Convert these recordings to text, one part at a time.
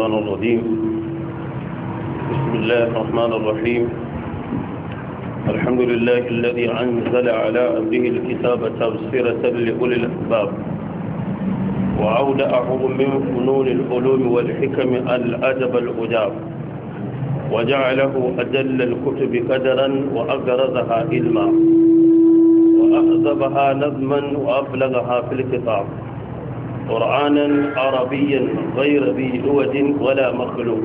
الشيطان الرجيم بسم الله الرحمن الرحيم الحمد لله الذي أنزل على أبيه الكتاب تبصيرة لأولي الأسباب وأودعه من فنون العلوم والحكم الأدب الأجاب وجعله أجل الكتب قدرا وأغرزها علما وأعذبها نظما وأبلغها في الكتاب قرآنا عربيا غير ذي عوج ولا مخلوق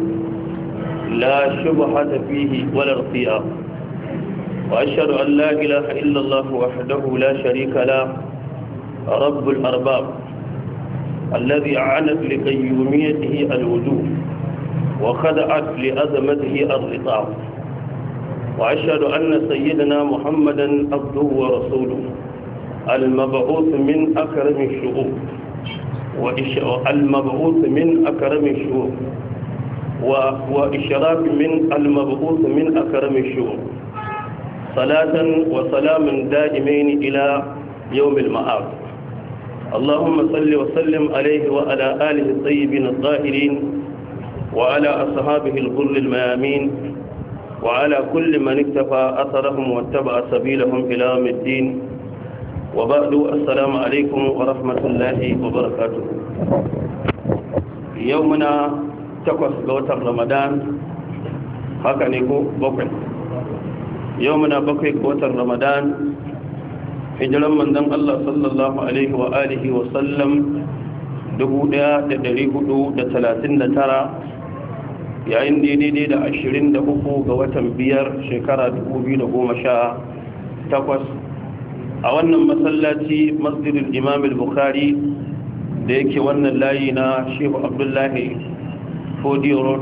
لا شبهة فيه ولا ارتياق وأشهد أن لا إله إلا الله وحده لا شريك له رب الأرباب الذي أعانت لقيوميته الوجود وخدعت لأزمته الرطاب وأشهد أن سيدنا محمدا عبده ورسوله المبعوث من أكرم الشعوب والمبعوث من أكرم الشهور وإشراك من المبعوث من أكرم الشهور صلاة وسلام دائمين إلى يوم المعاد اللهم صل وسلم عليه وعلى آله الطيبين الطاهرين وعلى أصحابه الغر الميامين وعلى كل من اكتفى أثرهم واتبع سبيلهم إلى يوم الدين وبعد السلام عليكم ورحمة الله وبركاته يومنا تقص قوة رمضان haka ne ko bakwai yau muna bakwai ga watan ramadan hijiran manzon Allah sallallahu alaihi wa alihi wa sallam 1439 yayin daidai da 23 ga watan biyar shekara 2018 a wannan masallaci masjidin imam al-bukhari da yake wannan layi na shehu abdullahi fodiyo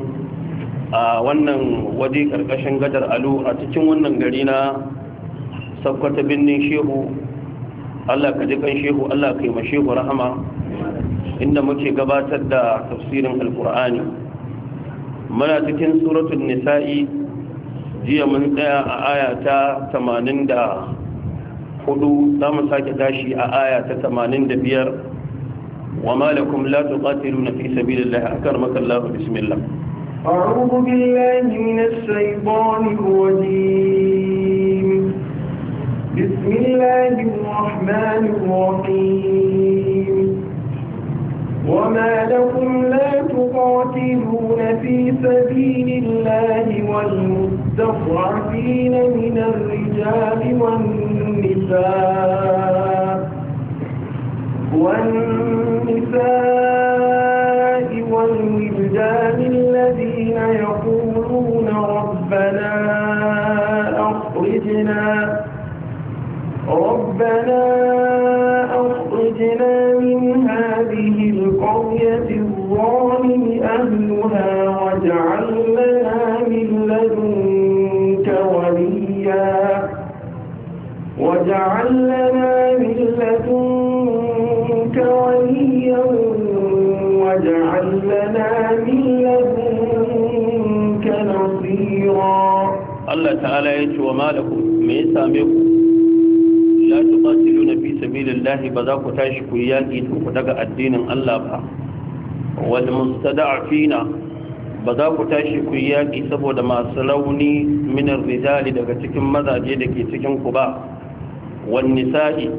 a wannan waje karkashin gadar alu a cikin wannan gari na sakwata birnin shehu allah ka ji kan shehu allah ka yi shehu rahama inda muke gabatar da tafsirin alkur'ani muna cikin suratun nisa'i jiya mun tsaya a aya ta hudu za mu sake tashi a aya ta tamanin da biyar wa malakum la na fi sabilillah akar Allah bismillah أعوذ بالله من الشيطان الرجيم بسم الله الرحمن الرحيم وما لكم لا تقاتلون في سبيل الله والمستضعفين من الرجال والنساء والنساء والولدان الذين يقولون ربنا أخرجنا ربنا أخرجنا من الظالم أهلها واجعل لنا من لدنك وليا واجعل لنا من لدنك وليا واجعل لنا من لدنك نصيرا الله تعالى يجي وما لكم من سامكم لا تقاتلون في سبيل الله بذاك تاشكوا ياكي تقدق الدين الله بها fina ba za ku tashi ku yi yaƙi saboda masu rauni minar rijali daga cikin mazaje da ke cikin ku ba wani sa'i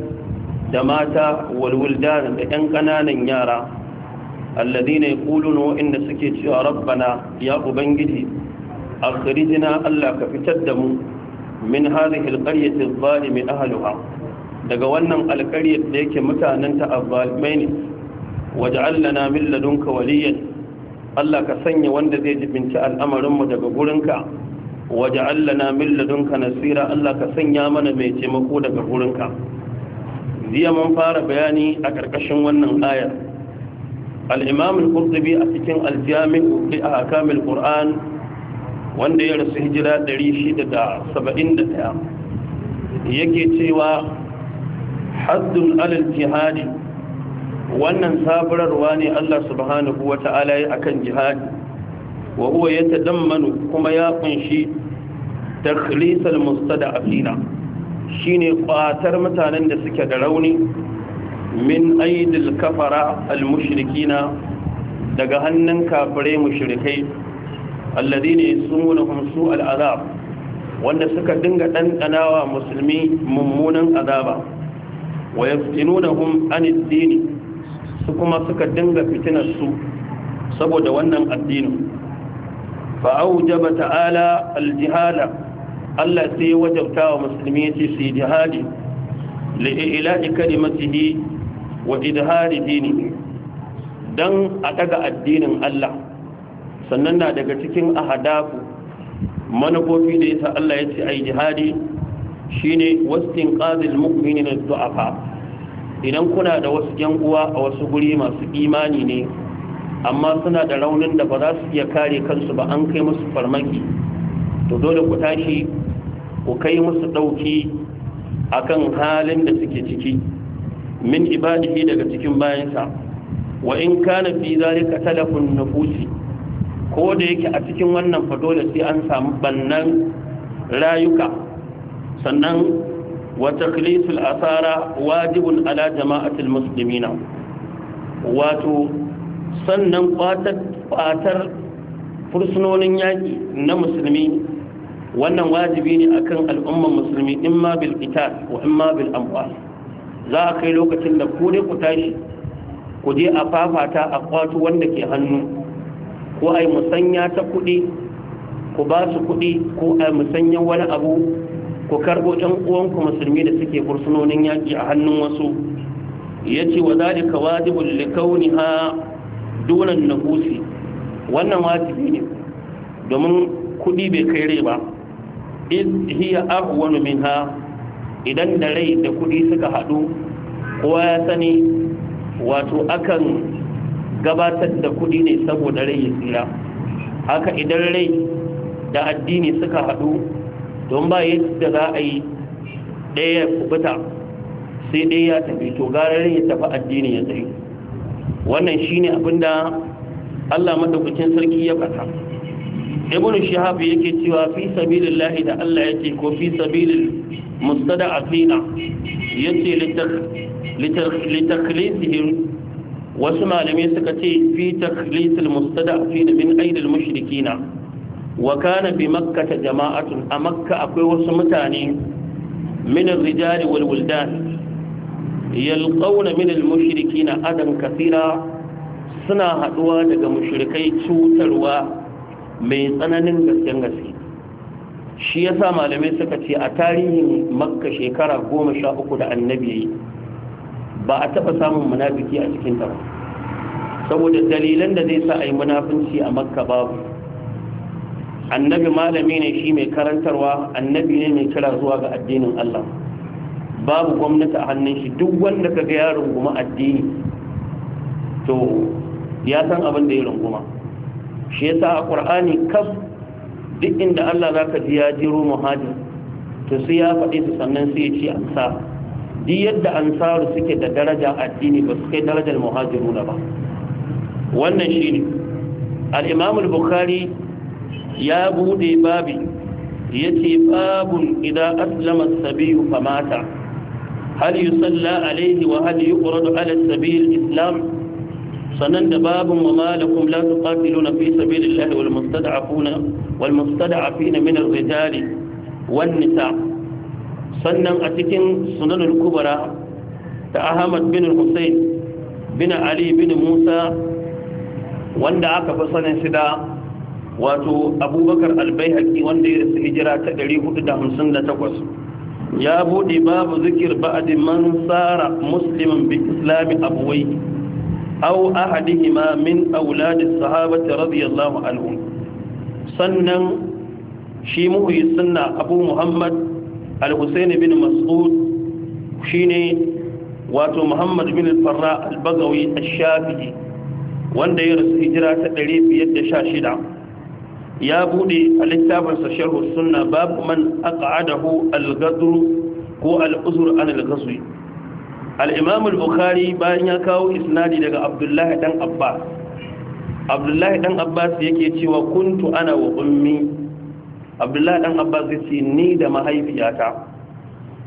da mata walwulda da 'yan ƙananan yara alladina yaquluna inda suke cewa rabbana ya ubangiji akhrijna Allah ka fitar da mu min hadhihi alqaryati adh-dhalimi daga wannan alƙaryar da yake mutanen ta azzalimai ne waj'al lana min ladunka waliyan Allah ka sanya wanda zai jibinci al'amarinmu daga gurinka waj'al lana min ladunka nasira Allah ka sanya mana mai taimako daga gurinka jiya mun fara bayani a ƙarƙashin wannan ayar Al'imamin imam a cikin al-jami' li ahkam al wanda ya rasu hijira 671 yake cewa haddun alal jihadi wannan sabararwa ne Allah subhanahu wa ta'ala ya akan jihadi wa huwa ya kuma ya kunshi takhlisal mustada'afina shine kwatar mutanen da suke da rauni min aidil kafara almushrikina daga hannun kafirai mushrikai alladhina yasmunhum su'al azab wanda suka dinga dandanawa musulmi mummunan azaba wa yaftinunhum anid dini su kuma suka dinga fitinar su saboda wannan addinin fa aujaba ta'ala aljihala Allah sai ya wajabta wa musulmi ce su yi jihadi li ila'i kalimatihi wa idhari dinihi dan a daga addinin Allah sannan na daga cikin ahadafu manufofi da yasa Allah ya ce ai jihadi shine wastin qadil mu'minina du'afa idan kuna da wasu yan uwa a wasu guri masu imani ne amma suna da raunin da ba za su iya kare kansu ba an kai musu farmaki to dole ku tashi ku kai musu ɗauki akan halin da suke ciki min ibadihi daga cikin bayansa wa in kana fi zalika talafun nufusi ko da yake a cikin wannan fa dole sai an samu bannan rayuka sannan وتقليص الأثار واجب على جماعة المسلمين واتو sannan ƙwatar fursunonin yaƙi na musulmi wannan wajibi ne akan al'umman musulmi in ma bil qital wa in ma bil amwal za a kai lokacin da ku dai ku tashi ku je a fafata a kwato wanda ke hannu ko ai musanya ta kudi ku ba su kuɗi ko ai musanyan wani abu ku karbo ɗan uwanku musulmi da suke fursunonin yaƙi a hannun wasu ya ce wa zalika wajibin likauni ha dunan nahusi wannan wajibi ne domin kuɗi bai kai rai ba iz hiya min minha idan da rai da kuɗi suka haɗu kowa ya sani wato akan gabatar da kuɗi ne saboda rai ya tsira haka idan rai da addini suka haɗu don ba yadda za a yi ɗaya kubuta sai ɗaya ya tafi to gararin ya tafi addini ya tsaye wannan shine abinda Allah madaukakin sarki ya faɗa ibnu shihab yake cewa fi lahi da Allah yake ko fi mustada a sabilil mustada'afina yace litakhlisihi wasu malamai suka ce fi a mustada'afina min aidil mushrikina wa kana bi makkata jama'atun a makka akwai wasu mutane min ar-rijali wal wuldan yalqawna min al-mushrikina adam kathira suna haduwa daga mushrikai cutarwa mai tsananin gasken gaske shi yasa malamai suka ce a tarihin makka shekara 13 da annabi ba a taba samun munafiki a cikin ta ba saboda dalilan da zai sa a yi munafinci a makka babu annabi malami ne shi mai karantarwa annabi ne mai kira zuwa ga addinin Allah babu gwamnati a hannun shi duk wanda ka ga ya runguma addini to ya san abin da ya runguma shi yasa a Qur'ani kaf duk inda Allah zaka ji ya jiro muhajir to sai ya faɗi su sannan sai ya ce ansar duk yadda ansar suke da daraja addini ba su kai darajar muhajiruna ba wannan shine al-Imam al-Bukhari ya bude babi ya ce babun idan aslama sabiyu famata hal yusalla alaihi wa hal yuqradu ala sabil islam sanan da babun wa malakum la tuqatiluna fi sabilillahi wal mustad'afuna wal mustad'afina min minar rijali wan nisa sannan a cikin sunan al-kubra ta Ahmad bin Hussein bin Ali bin Musa wanda aka fi sanin shida. wato abubakar albayhaqi wanda ya rasu hijira ta 458 ya buɗe babu zikir ba'adin man tsara Musulmin bi islami abuwai aw ahadihima min aulad as-sahabati radiyallahu anhum sannan shi muhyi sunna abu muhammad al-husayn bin mas'ud shine wato muhammad bin farra al-bagawi ash shafi wanda ya rasu hijira ta 516 ya bude a littafinsa sharhu sunna babu man aqadahu al-ghadr ko al-uzr an al al-imam al-bukhari bayan ya kawo isnadi daga abdullah dan abbas abdullah dan abbas yake cewa kuntu ana wa ummi abdullah dan abbas yace ni da mahaifiyata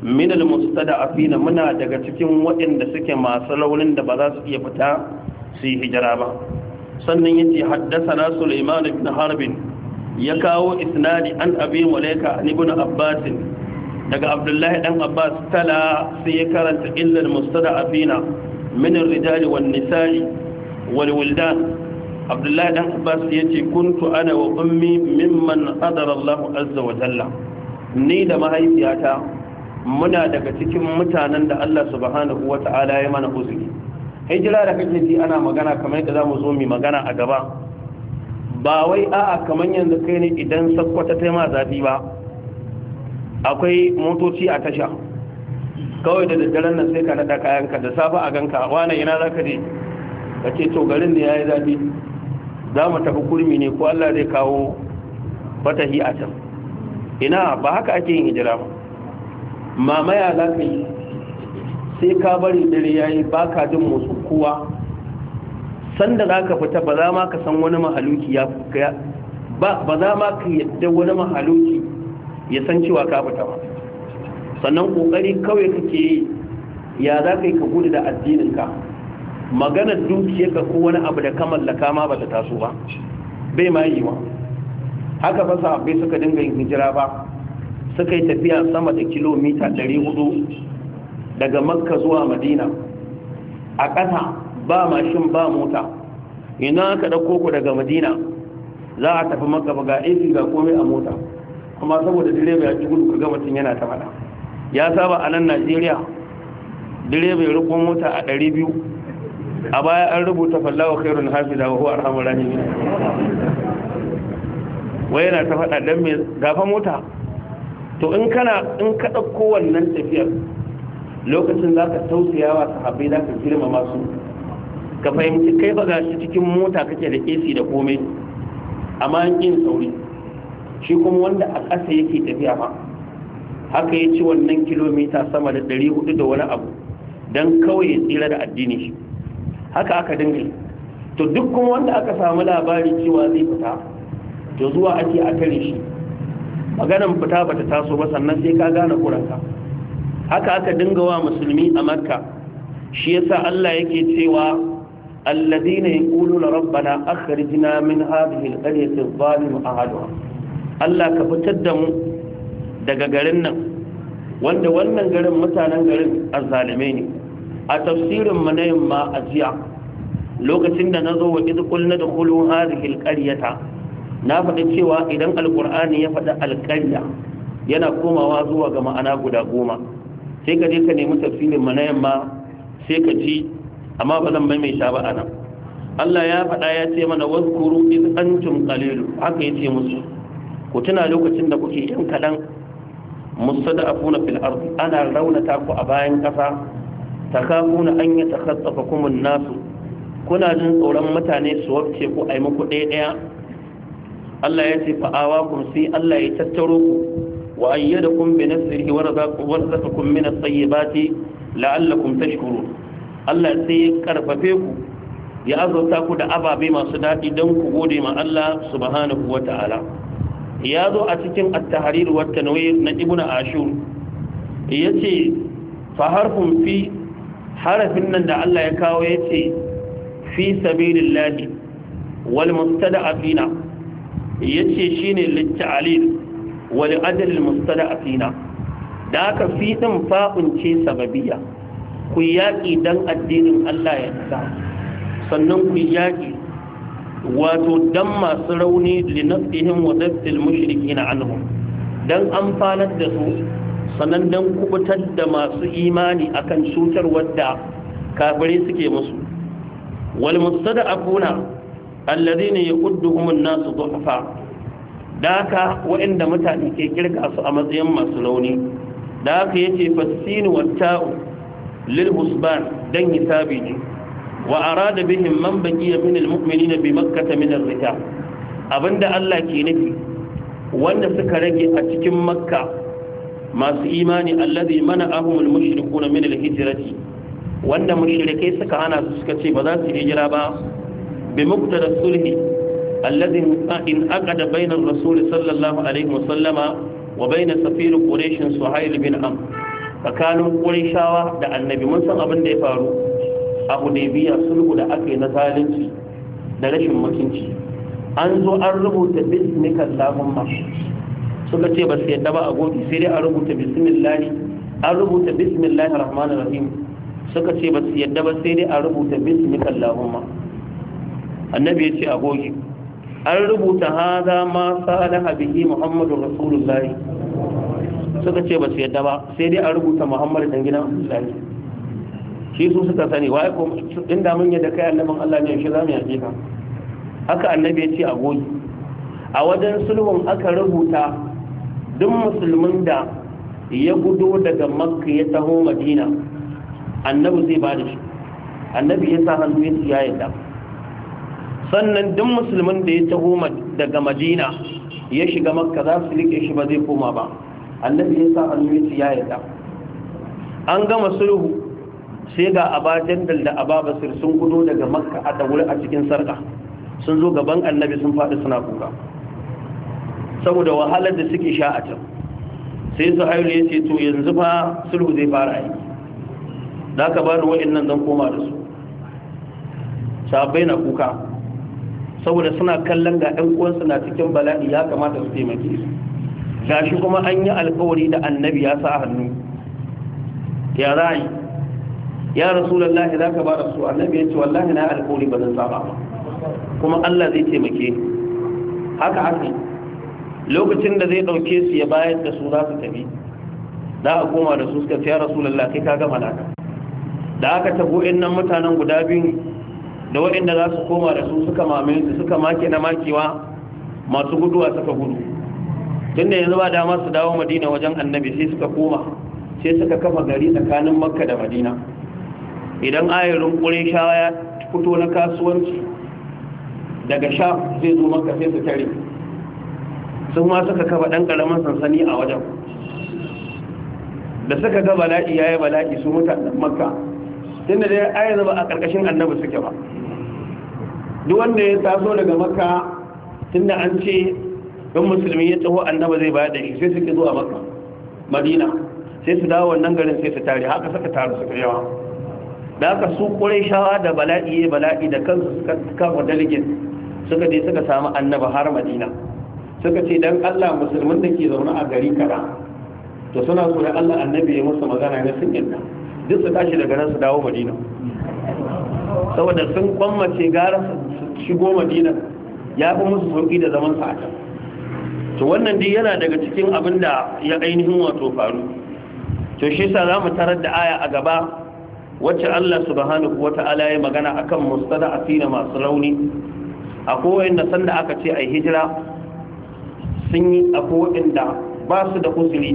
min al-mustada'afina muna daga cikin waɗanda suke masu launin da ba za su iya fita su yi hijira ba sannan yace haddasa na Sulaiman ibn Harbin ya kawo isnadi an abi mulaika an ibn abbas daga abdullahi dan abbas tala sai ya karanta illal mustada'afina min ar-rijali wan nisa'i wal wildan abdullahi dan abbas ya ce kuntu ana wa ummi mimman qadara Allah azza wa jalla ni da mahaifiyata muna daga cikin mutanen da Allah subhanahu wa ta'ala ya mana uzuri hijira da kake ji ana magana kamar yadda zamu zo mu magana a gaba ba wai a'a kamar yanzu kai ne idan sakwata ta ma zafi ba akwai motoci a tasha kawai da daddaren nan sai ka naɗa kayanka da safa a ganka wane ina za ka je ka ce to garin ne ya yi zafi za mu tafi kurmi ne ko allah zai kawo fatahi a can ina ba haka ake yin hijira ba mamaya za ka yi sai ka bari dare ya yi ba ka jin motsin kowa sanda za ka fita ba za ma ka san wani mahaluki ya ba za ma ka yadda wani mahaluki ya san cewa ka fita ba sannan kokari kawai yi ya za ka yi ka gudu da addininka maganar dukiyarka ko wani abu da ka mallaka ma ba ta taso ba bai ma yi haka ba sahabbai suka dinga yin hijira ba suka yi tafiya sama da kilomita 400 daga makka zuwa madina a ƙasa ba mashin ba mota ina ka ɗauko ku daga madina za a tafi maka ba ga AC ga komai a mota Kuma saboda direba ya ci gudu ka ga mutum yana ta faɗa ya saba a nan najeriya direba ya riko mota a ɗari biyu a baya an rubuta fallawa khairun hafiza wa huwa arhamur rahimin wai yana ta faɗa dan me gafa mota to in kana in ka dauko wannan tafiyar lokacin zaka tausayawa sahabbai zaka girma masu. ka fahimci kai ba gashi cikin mota kake da AC da komai amma yin sauri shi kuma wanda a ƙasa yake tafiya ma haka ya ci wannan kilomita sama da 400 da wani abu don kawai ya tsira da addini shi haka aka dinga to duk kuma wanda aka samu labari cewa zai fita to zuwa ake a kare shi maganan fita bata taso ba sannan sai ka gane kuranka haka aka dinga wa musulmi a makka shi yasa Allah yake cewa الذين يقولون ربنا أخرجنا من هذه القرية الظالم أهلها Allah ka fitar da mu daga garin nan wanda wannan garin mutanen garin azzalume ne a tafsirin na yamma a jiya lokacin da nazo wa idh qulna dukhulu hadhihi alqaryata na faɗi cewa idan alqur'ani ya faɗi alqarya yana komawa zuwa ga ma'ana guda goma sai ka je ka nemi tafsirin mu na yamma sai ka ji amma ba zan maimaita ba a nan Allah ya faɗa ya ce mana wazkuru iz antum qalilu haka ce musu ku tuna lokacin da kuke yan kadan mustada'afuna fil ardi ana raunata ku a bayan kasa takafuna an yatakhassafakum an-nasu kuna jin tsoron mutane su wabce ku ai muku ɗaya ɗaya Allah ya ce fa'awa ku sai Allah ya tattaro ku wa ayyadakum bi nasrihi wa razaqakum min at-tayyibati la'allakum tashkurun Allah sai ya karfafe ku ya azauta ku da ababe masu daɗi don ku gode ma Allah subhanahu wa ta'ala ya zo a cikin at-tahrir wa tanwir na ibnu ashur yace fa harfun fi harafin nan da Allah ya kawo yace fi sabilillahi wal mustada'afina yace shine lit-ta'lil wal adl mustada'afina da aka fi din fa'un ce sababiyya ku yaƙi don addinin Allah ya sa sannan ku yaƙi wato don masu rauni linafsihim wa dafsil mushriki na anhum don an falar da su sannan don kubutar da masu imani a kan cutar wadda kafirai suke musu da wal ne ya yaqudduhum an-nasu duhafa daka waɗanda mutane ke kirka su a matsayin masu rauni da aka yace fasini wata'u lil husban dan hisabi ne wa arada bihim man baqiya min al mu'minina bi makkah min ar rita abinda Allah ke nufi wanda suka rage a cikin makka masu imani allazi mana'ahumul mushrikuna min al hijrati wanda mushrikai suka hana su suka ce ba za su hijira ba bi muqtada sulhi allazi in sallallahu alaihi wa sallama wa bayna safir bin amr tsakanin ƙurishawa da annabi mun san abin da ya faru a hudaybiya sulhu da aka yi na zalunci da rashin mutunci an zo an rubuta bismika allahumma suka ce ba su yadda ba a gobe sai dai a rubuta bismillah an rubuta bismillah rahman rahim suka ce ba su yadda ba sai dai a rubuta bismika ma. annabi ya ce a goge an rubuta haza ma salaha bihi muhammadu rasulullahi suka ce ba su yadda ba sai dai a rubuta Muhammadu dan gidan abdullahi shi su suka sani wa ko inda mun yadda kai annabin Allah ne shi mu yaƙe ka haka annabi ya ce a goyi a wajen sulhun aka rubuta duk musulmin da ya gudo daga makka ya taho madina annabi zai ba da shi annabi ya sa hannu ya ya yadda sannan duk musulmin da ya taho daga madina ya shiga makka za su rike shi ba zai koma ba annabi ya sa hannu ya ya yarda an gama sulhu sai ga abajandal da ababasir sun gudo daga makka a daure a cikin sarka sun zo gaban annabi sun faɗi suna kuka saboda wahalar da suke sha a can sai su hailu ya ce to yanzu fa sulhu zai fara aiki da ka ba da wa'annan zan koma da su sabai na kuka saboda suna kallon ga ɗan uwansu na cikin bala'i ya kamata su taimake su gashi kuma an yi alkawari da annabi ya sa hannu ya rayi ya rasulullahi za ka ba da su annabi ya ce wallahi na alkawari ba zan saba ba kuma Allah zai taimake haka haka lokacin da zai dauke su ya bayar da su za su tafi da a koma da su suka ce ya rasulullahi kai ka gama naka da aka tabo nan mutanen guda biyu da waɗanda za su koma da su suka mamaye su suka make na makewa masu guduwa suka gudu tunda yanzu ba dama su dawo madina wajen annabi sai suka koma sai suka kafa gari tsakanin makka da madina idan ayarin ƙure shawa ya fito na kasuwanci daga sha zai zo makka sai su tare sun ma suka kafa ɗan ƙaramin sansani a wajen da suka ga bala'i ya yi bala'i su mutanen makka tunda dai ayar ba a ƙarƙashin annabi suke ba duk wanda ya taso daga makka tunda an ce don musulmi ya taho annaba zai bayar da shi sai suke zuwa maka madina sai su dawo wannan garin sai su tare haka suka taru suka yawa da haka su kurai shawa da bala'i ya bala'i da kansu suka kama dalgin suka je suka samu annaba har madina suka ce dan allah musulmin da ke zaune a gari kara to suna so da allah annabi ya musu magana na sun yadda duk su tashi daga nan su dawo madina saboda sun kwammace gara su shigo madina ya fi musu sauki da zaman sa a can to wannan dai yana daga cikin abin da ya ainihin wato faru to shi sa za mu tarar da aya a gaba wacce Allah subhanahu wata'ala ya magana akan mustada asina masu rauni akwai wanda sanda aka ce ai hijira sun yi akwai wanda ba su da uzuri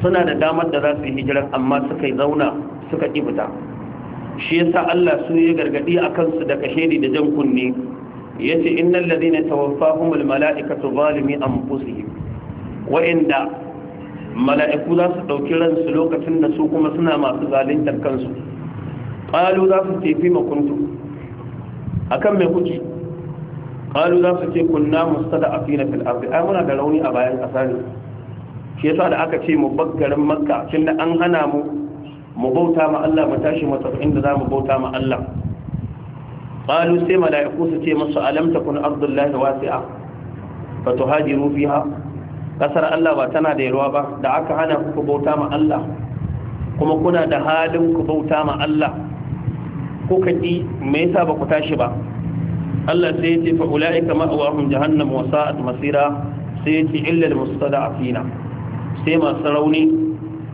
suna da damar da za su yi hijira amma suka yi zauna suka ƙi fita shi yasa Allah su yi gargadi akan su da kashedi da jan kunne Ya ce, yace innal ladina tawaffahumul mala'ikatu zalimi anfusihim wa'inda mala'iku za su ɗauki ransu lokacin da su kuma suna masu zaluntar kansu qalu za su tafi makuntu kan mai kuki? qalu za su ce kunna mustada'afina fil ardi ai muna da rauni a bayan kasa ne shi yasa da aka ce mu baggarin makka tunda an hana mu mu bauta ma Allah mu tashi mu inda za mu bauta ma Allah qalu sai mala'iku su ce musu alam takun ardullahi wasi'a fa tuhajiru fiha kasar Allah ba tana da yarwa ba da aka hana ku bauta ma Allah kuma kuna da halin ku bauta ma Allah ko kaki me yasa ba ku tashi ba Allah sai ya ce fa ula'ika ma'awahum jahannam wa sa'at masira sai ya ce illa almustada'afina sai masu rauni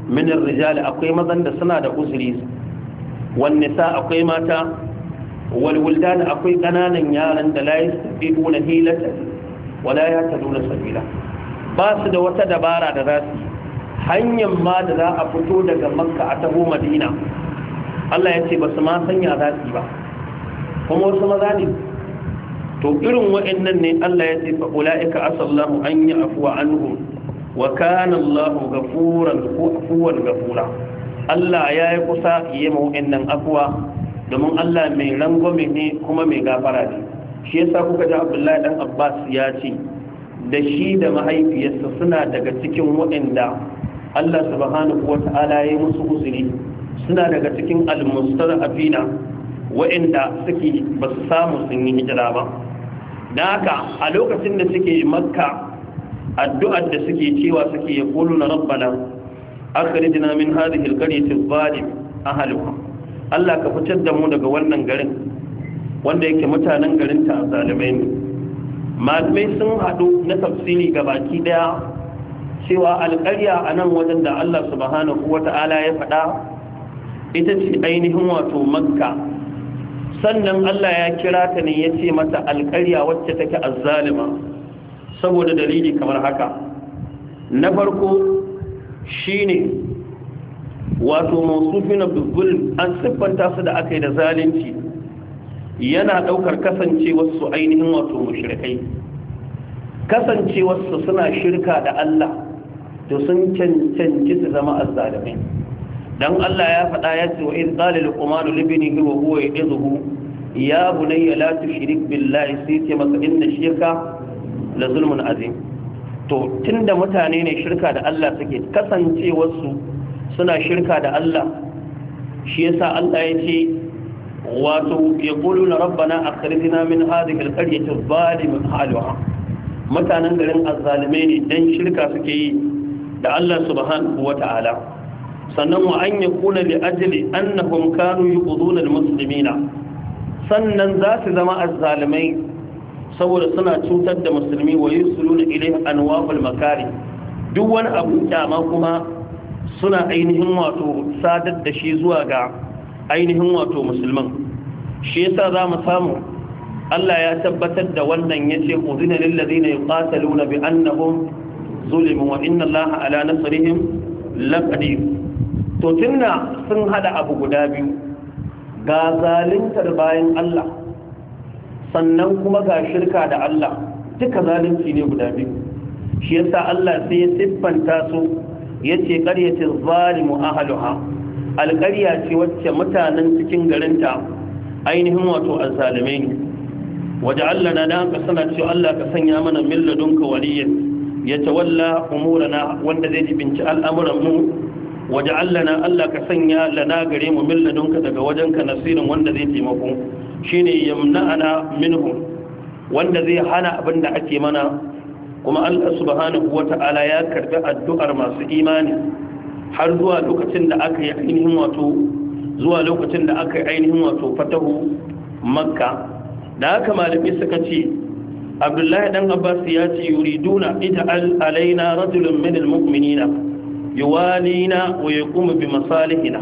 min rijali akwai mazan da suna da uzuri wan sa akwai mata walwuldan akwai kananan yaran da la yasbiquna hilata wala yahtaduna sabila ba su da wata dabara da za su hanyar ma da za a fito daga makka a taho madina Allah ya ce ba su ma sanya za su ba kuma wasu maza ne to irin wa'annan ne Allah ya ce fa ulaika asallahu an ya'fuwa anhum wa kana Allahu ghafuran ghafuran ghafura Allah ya yi kusa yi mu wa'annan afwa domin Allah mai rangwame ne kuma mai gafara ne shi yasa kuka ji Abdullahi dan Abbas ya ce da shi da mahaifiyarsa suna daga cikin waɗanda Allah subhanahu wata'ala ya musu uzuri suna daga cikin almustarafina waɗanda suke ba su samu sun yi hijira ba da haka a lokacin da suke makka addu'ar da suke cewa suke ya kulu na rabbana akhrijna min hadhihi alqaryati adh-dhalim ahluha Allah ka fitar da mu daga wannan garin wanda yake mutanen garinta ta zalimai ne malamai sun haɗu na tafsiri ga baki daya cewa alƙarya a nan wajen da Allah subhanahu wata'ala ya faɗa ita ce ainihin wato makka sannan Allah ya kira ta ne ya ce mata alƙarya wacce take azzalima saboda dalili kamar haka na farko shine wato mausufina bizzulm an siffanta su da aka yi da zalunci yana daukar kasancewarsu ainihin wato mushrikai Kasancewarsu suna shirka da Allah to sun cancanci su zama azzalimai dan Allah ya faɗa ya ce wa in qala luqman li ibnihi wa huwa yadhuhu ya bunayya la tushrik billahi sai ce masa inna shirka la zulmun azim to tunda mutane ne shirka da Allah suke kasancewarsu. su suna shirka da Allah shi yasa Allah ya ce wato yaquluna rabbana akhrijna min hadhihi alqaryati adh-dhalimi ahliha mutanen garin azzalime ne don shirka suke yi da Allah subhanahu wata'ala sannan wa an yakuna li ajli annahum kanu yuquduna musulmina. sannan za su zama azzalimai saboda suna cutar da musulmi wa yusuluna ilayhi anwa'ul makari duk wani abu kyama kuma suna ainihin wato sadar da shi zuwa ga ainihin wato musulman shi yasa za mu samu Allah ya tabbatar da wannan ya ce uzina lillazina yuqataluna bi annahum zulimu wa inna Allaha ala nasrihim laqadir to tunna sun hada abu guda biyu ga zaluntar bayan Allah sannan kuma ga shirka da Allah duka zalunci ne guda biyu shi yasa Allah sai ya siffanta su Ya yace qaryatul zalimu ahluha alqarya ce wacce mutanen cikin garinta ainihin wato azzalume ne waja'alna na ka sana cewa Allah ka sanya mana min Ya waliyyan yatawalla umurana wanda zai jibinci al'amuran mu waja'alna Allah ka sanya lana gare mu min ladunka daga wajenka nasirin wanda zai taimako shine yamna'ana minhum wanda zai hana abin da ake mana kuma Allah subhanahu wata'ala ya karbi addu'ar masu imani har zuwa lokacin da aka yi ainihin wato zuwa lokacin da aka yi ainihin wato fatahu makka da haka malami suka ce abdullahi dan abbas ya ce yuriduna ita alaina rajulun min almu'minina yuwalina wa yaqumu bi masalihina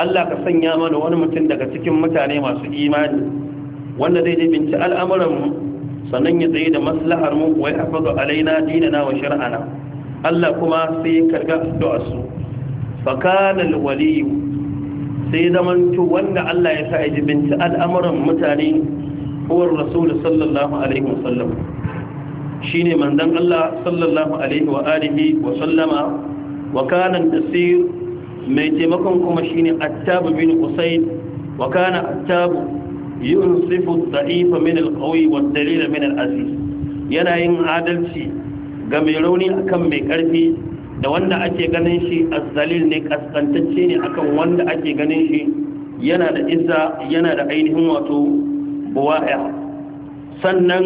Allah ka sanya mana wani mutum daga cikin mutane masu imani wanda zai jibinci al'amuran sannan ya tsaye da maslahar mu wa ya hafaza alaina dinana wa shar'ana Allah kuma sai ya karga addu'ar su fa kana alwali sai zamanto wanda Allah ya sa ya jibinci al'amuran mutane uwar rasul sallallahu alaihi wasallam shine manzon Allah sallallahu alaihi wa alihi wa sallama wa kana tasir mai taimakon kuma shine attab bin usayd wa kana attab yunsifu daifa min al-qawi wad-dalil min al-aziz yana yin adalci ga mai rauni akan mai karfi da wanda ake ganin shi az-zalil ne kaskantacce ne akan wanda ake ganin shi yana da izza yana da ainihin wato buwaya sannan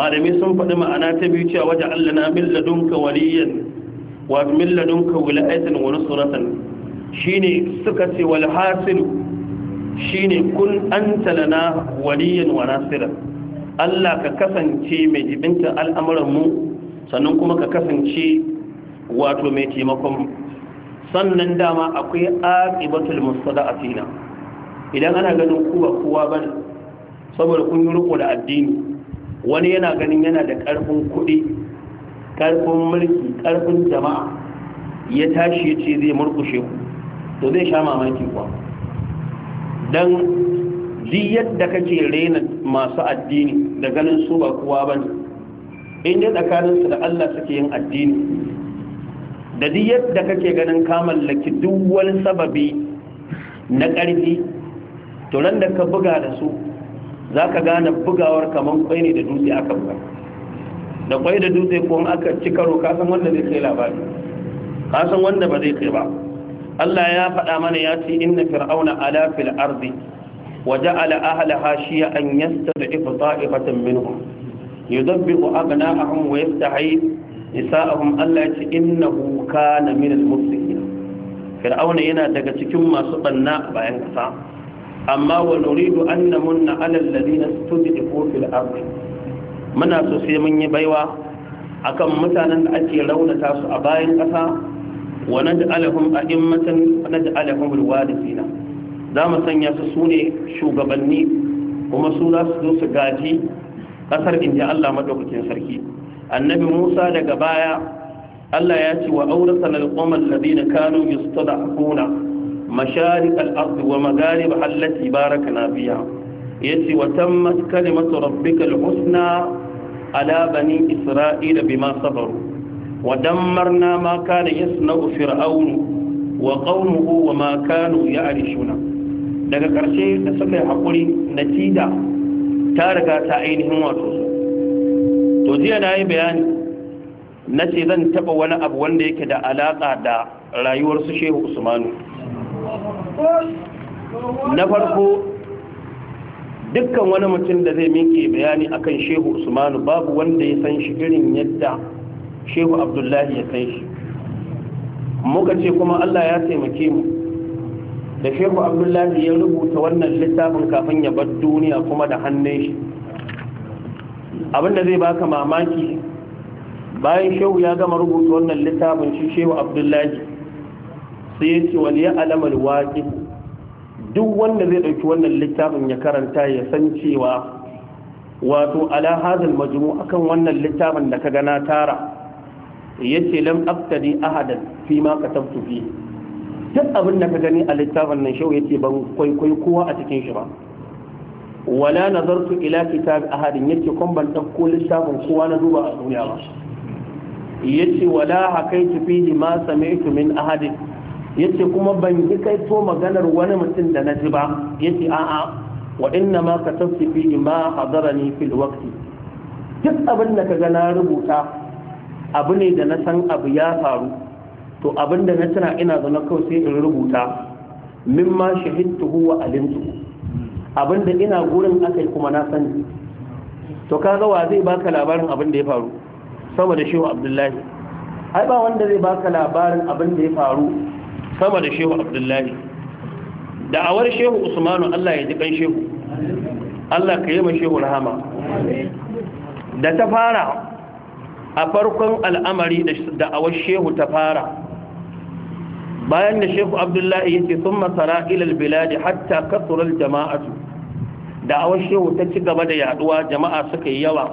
malamai sun faɗi ma'ana ta biyu cewa waje Allah na milladunka waliyan wa milladunka wilayatan wa nusratan shine suka ce wal hasilu Shi ne kun an talana waliyan wa Allah ka kasance mai jibinta al'amuran sannan kuma ka kasance wato mai taimakon sannan dama akwai aqibatul mustada'atina idan ana ganin kuwa ba kowa saboda kun yi riko da addini wani yana ganin yana da karfin kuɗi karfin mulki karfin jama'a ya tashi ya ce zai murkushe ku to zai sha mamaki kuwa dan duk yadda kake rena masu addini da ganin su ba kowa ne, in dai tsakaninsu da Allah suke yin addini da duk yadda kake ganin kamar laki duk wani sababi na ƙarfi to nan da ka buga da su za ka gane bugawar kamar kwai ne da dutse aka buga da kwai da dutse kuma aka ci karo kasan wanda zai kai labari kasan wanda ba zai kai ba Allah ya faɗa mana ya ce inna fir'auna ala fil ardi wa ja'ala ahlaha shi'an yastad'ifu ta'ifatan minhum yudabbiqu abna'ahum wa yastahi nisa'ahum Allah ya ce innahu kana min al-mufsidin fir'auna yana daga cikin masu banna bayan kasa amma wa nuridu an namunna ala alladhina stud'ifu fil ardi muna so sai mun yi baiwa akan mutanen da ake raunata su a bayan kasa wa naj'aluhum a'immatan da naj'aluhum alwarithina za mu sanya su sune shugabanni kuma su za su zo su gaji ƙasar inda Allah maɗaukakin sarki annabi Musa daga baya Allah ya ce wa awrasana alqawmal ladina kanu yustad'afuna masharik al-ardi wa magharibaha allati barakna Ya ce wa tammat kalimatu rabbika al-husna ala bani isra'ila bima sabaru ودمرنا ما كان يصنع فرعون وقومه وما كانوا يعرشون daga ƙarshe da suka hakuri na natija ta riga ta ainihin wato su to jiya na yi bayani na ce zan taɓa wani abu wanda yake da alaƙa da rayuwarsu shehu usmanu na farko dukkan wani mutum da zai miƙe bayani akan shehu usmanu babu wanda ya san shi yadda shehu abdullahi ya san shi muka ce kuma allah ya taimake mu da shehu abdullahi ya rubuta wannan littafin kafin ya bar duniya kuma da hannun shi abinda zai baka mamaki bayan shehu ya gama rubuta wannan littafin shi shehu abdullahi sai ya ce wani ya alamar waƙi duk wanda zai ɗauki wannan littafin ya karanta ya san cewa wato ala hazal majmu akan wannan littafin da ka gana tara Ya ce lam aftadi ahadan fi ma katabtu fi duk abin da ka gani a littafin nan shau yace ban kwaikwai kowa a cikin shi ba wala nazartu ila kitab ahadin yace kun ban dauko littafin kowa na duba a duniya ba yace wala hakaitu fihi ma sami'tu min ahadin yace kuma ban yi kai to maganar wani mutum da na ji ba yace a'a wa inna ma katabtu fihi ma hadarani fil waqti duk abin da ka ga na rubuta abu ne da na san abu ya faru to abin da na tana ina zaune kawai sai in rubuta ma shahidtuhu wa alimtu abin da ina gurin akai kuma na sani to kaga wa zai baka labarin abin da ya faru sama da shehu abdullahi ai ba wanda zai baka labarin abin da ya faru sama da shehu abdullahi da'awar shehu usmanu Allah ya ji kan shehu Allah ka yi ma shehu rahama da ta fara a farkon al'amari da awar shehu ta fara bayan da shehu abdullahi ya ce sun masara ilal biladi hatta kasurar jama'atu da awar shehu ta ci gaba da yaduwa jama'a suka yi yawa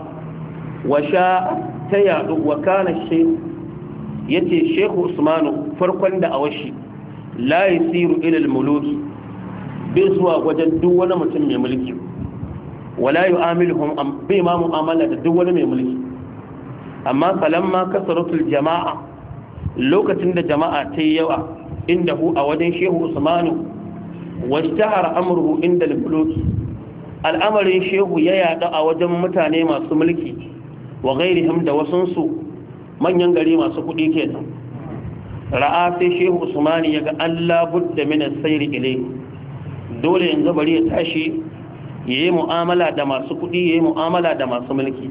wa sha ta yadu wa kana shehu ya ce shehu usmanu farkon da awar shi la siru ilal muluki bai zuwa wajen duk wani mutum mai mulki wala yi amilhum bai ma mu'amala da duk wani mai mulki amma falamma kasaratul jama'a lokacin da jama'a ta yi yawa inda hu a wajen shehu usmanu har amurhu inda al al'amarin shehu ya yada a wajen mutane masu mulki wa ghairihim da wasunsu manyan gari masu kuɗi nan. ra'a sai shehu Usmanu ya ga Allah budda min as-sayr dole yanzu bari ya tashi yi mu'amala da masu kuɗi yi mu'amala da masu mulki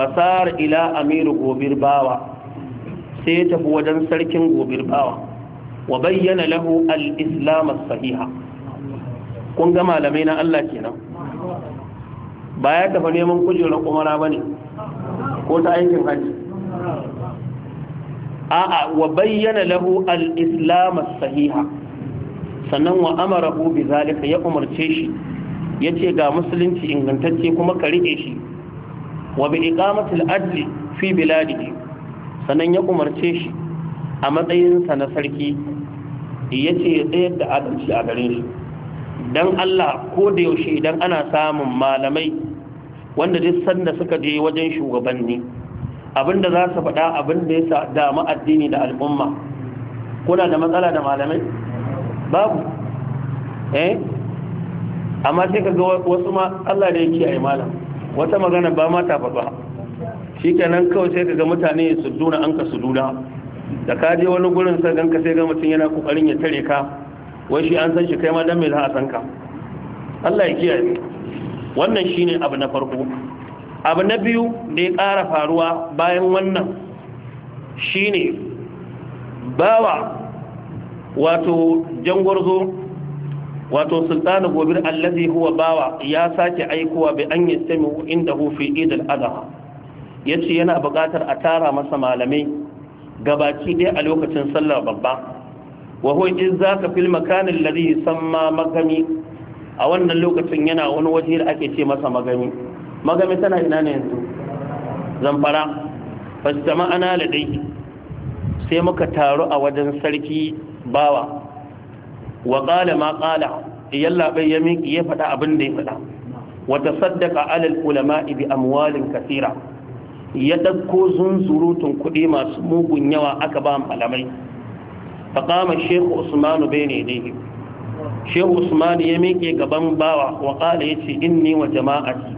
fasar ila amiru gobir bawa sai ya tafi wajen sarkin gobir bawa wa bayyana lahu al'islamu sahiha kun ga lamai na Allah kenan ba ya tafi neman kujerar umara bane ko ta aikin hajji a'a wa bayyana lahu al'islamu sahiha sannan wa amarahu bi zalika ya umarce shi ya ce ga musulunci ingantacce kuma ka rike shi wa bi iqamatil adli fi biladihi sannan ya umarce shi a matsayinsa na sarki yace ya tsayar da adalci a gare shi Dan Allah ko da yaushe idan ana samun malamai wanda duk sanda suka je wajen shugabanni abinda za su faɗa abinda ya damu addini da al'umma kuna da matsala da malamai babu eh amma sai ka ga wasu ma Allah da ya ai malamai wata magana ba mata faɗa shi kenan kawai sai ga mutane su duna an ka su duna da ka je wani gurin sai ganka sai ga mutum yana kokarin ya tare ka wai shi an san shi kai ma dan me za a san ka Allah ya kiyaye wannan shine abu na farko abu na biyu da ya ƙara faruwa bayan wannan shine bawa wato jangwarzo wato Sultani gobir allazi huwa bawa ya sake aikowa bi an da inda hu fi idil Ya yace yana buƙatar a tara masa malamai gabaki ɗaya a lokacin sallar babba wa huwa iz zaka fil makanin allazi magami a wannan lokacin yana wani waje da ake ce masa magami magami tana ina ne yanzu zamfara fastama'ana ladai sai muka taru a wajen sarki bawa wa qala ma qala yalla bai ya miki ya faɗa abin da ya faɗa wa tasaddaqa alal ulama'i bi amwalin kathira ya ɗauko zunzurutun kuɗi masu mugun yawa aka ba malamai faqama shehu usmanu bayne yadayhi shehu Usmanu ya miƙe gaban bawa wa ƙala ya ce inni wa jama'ati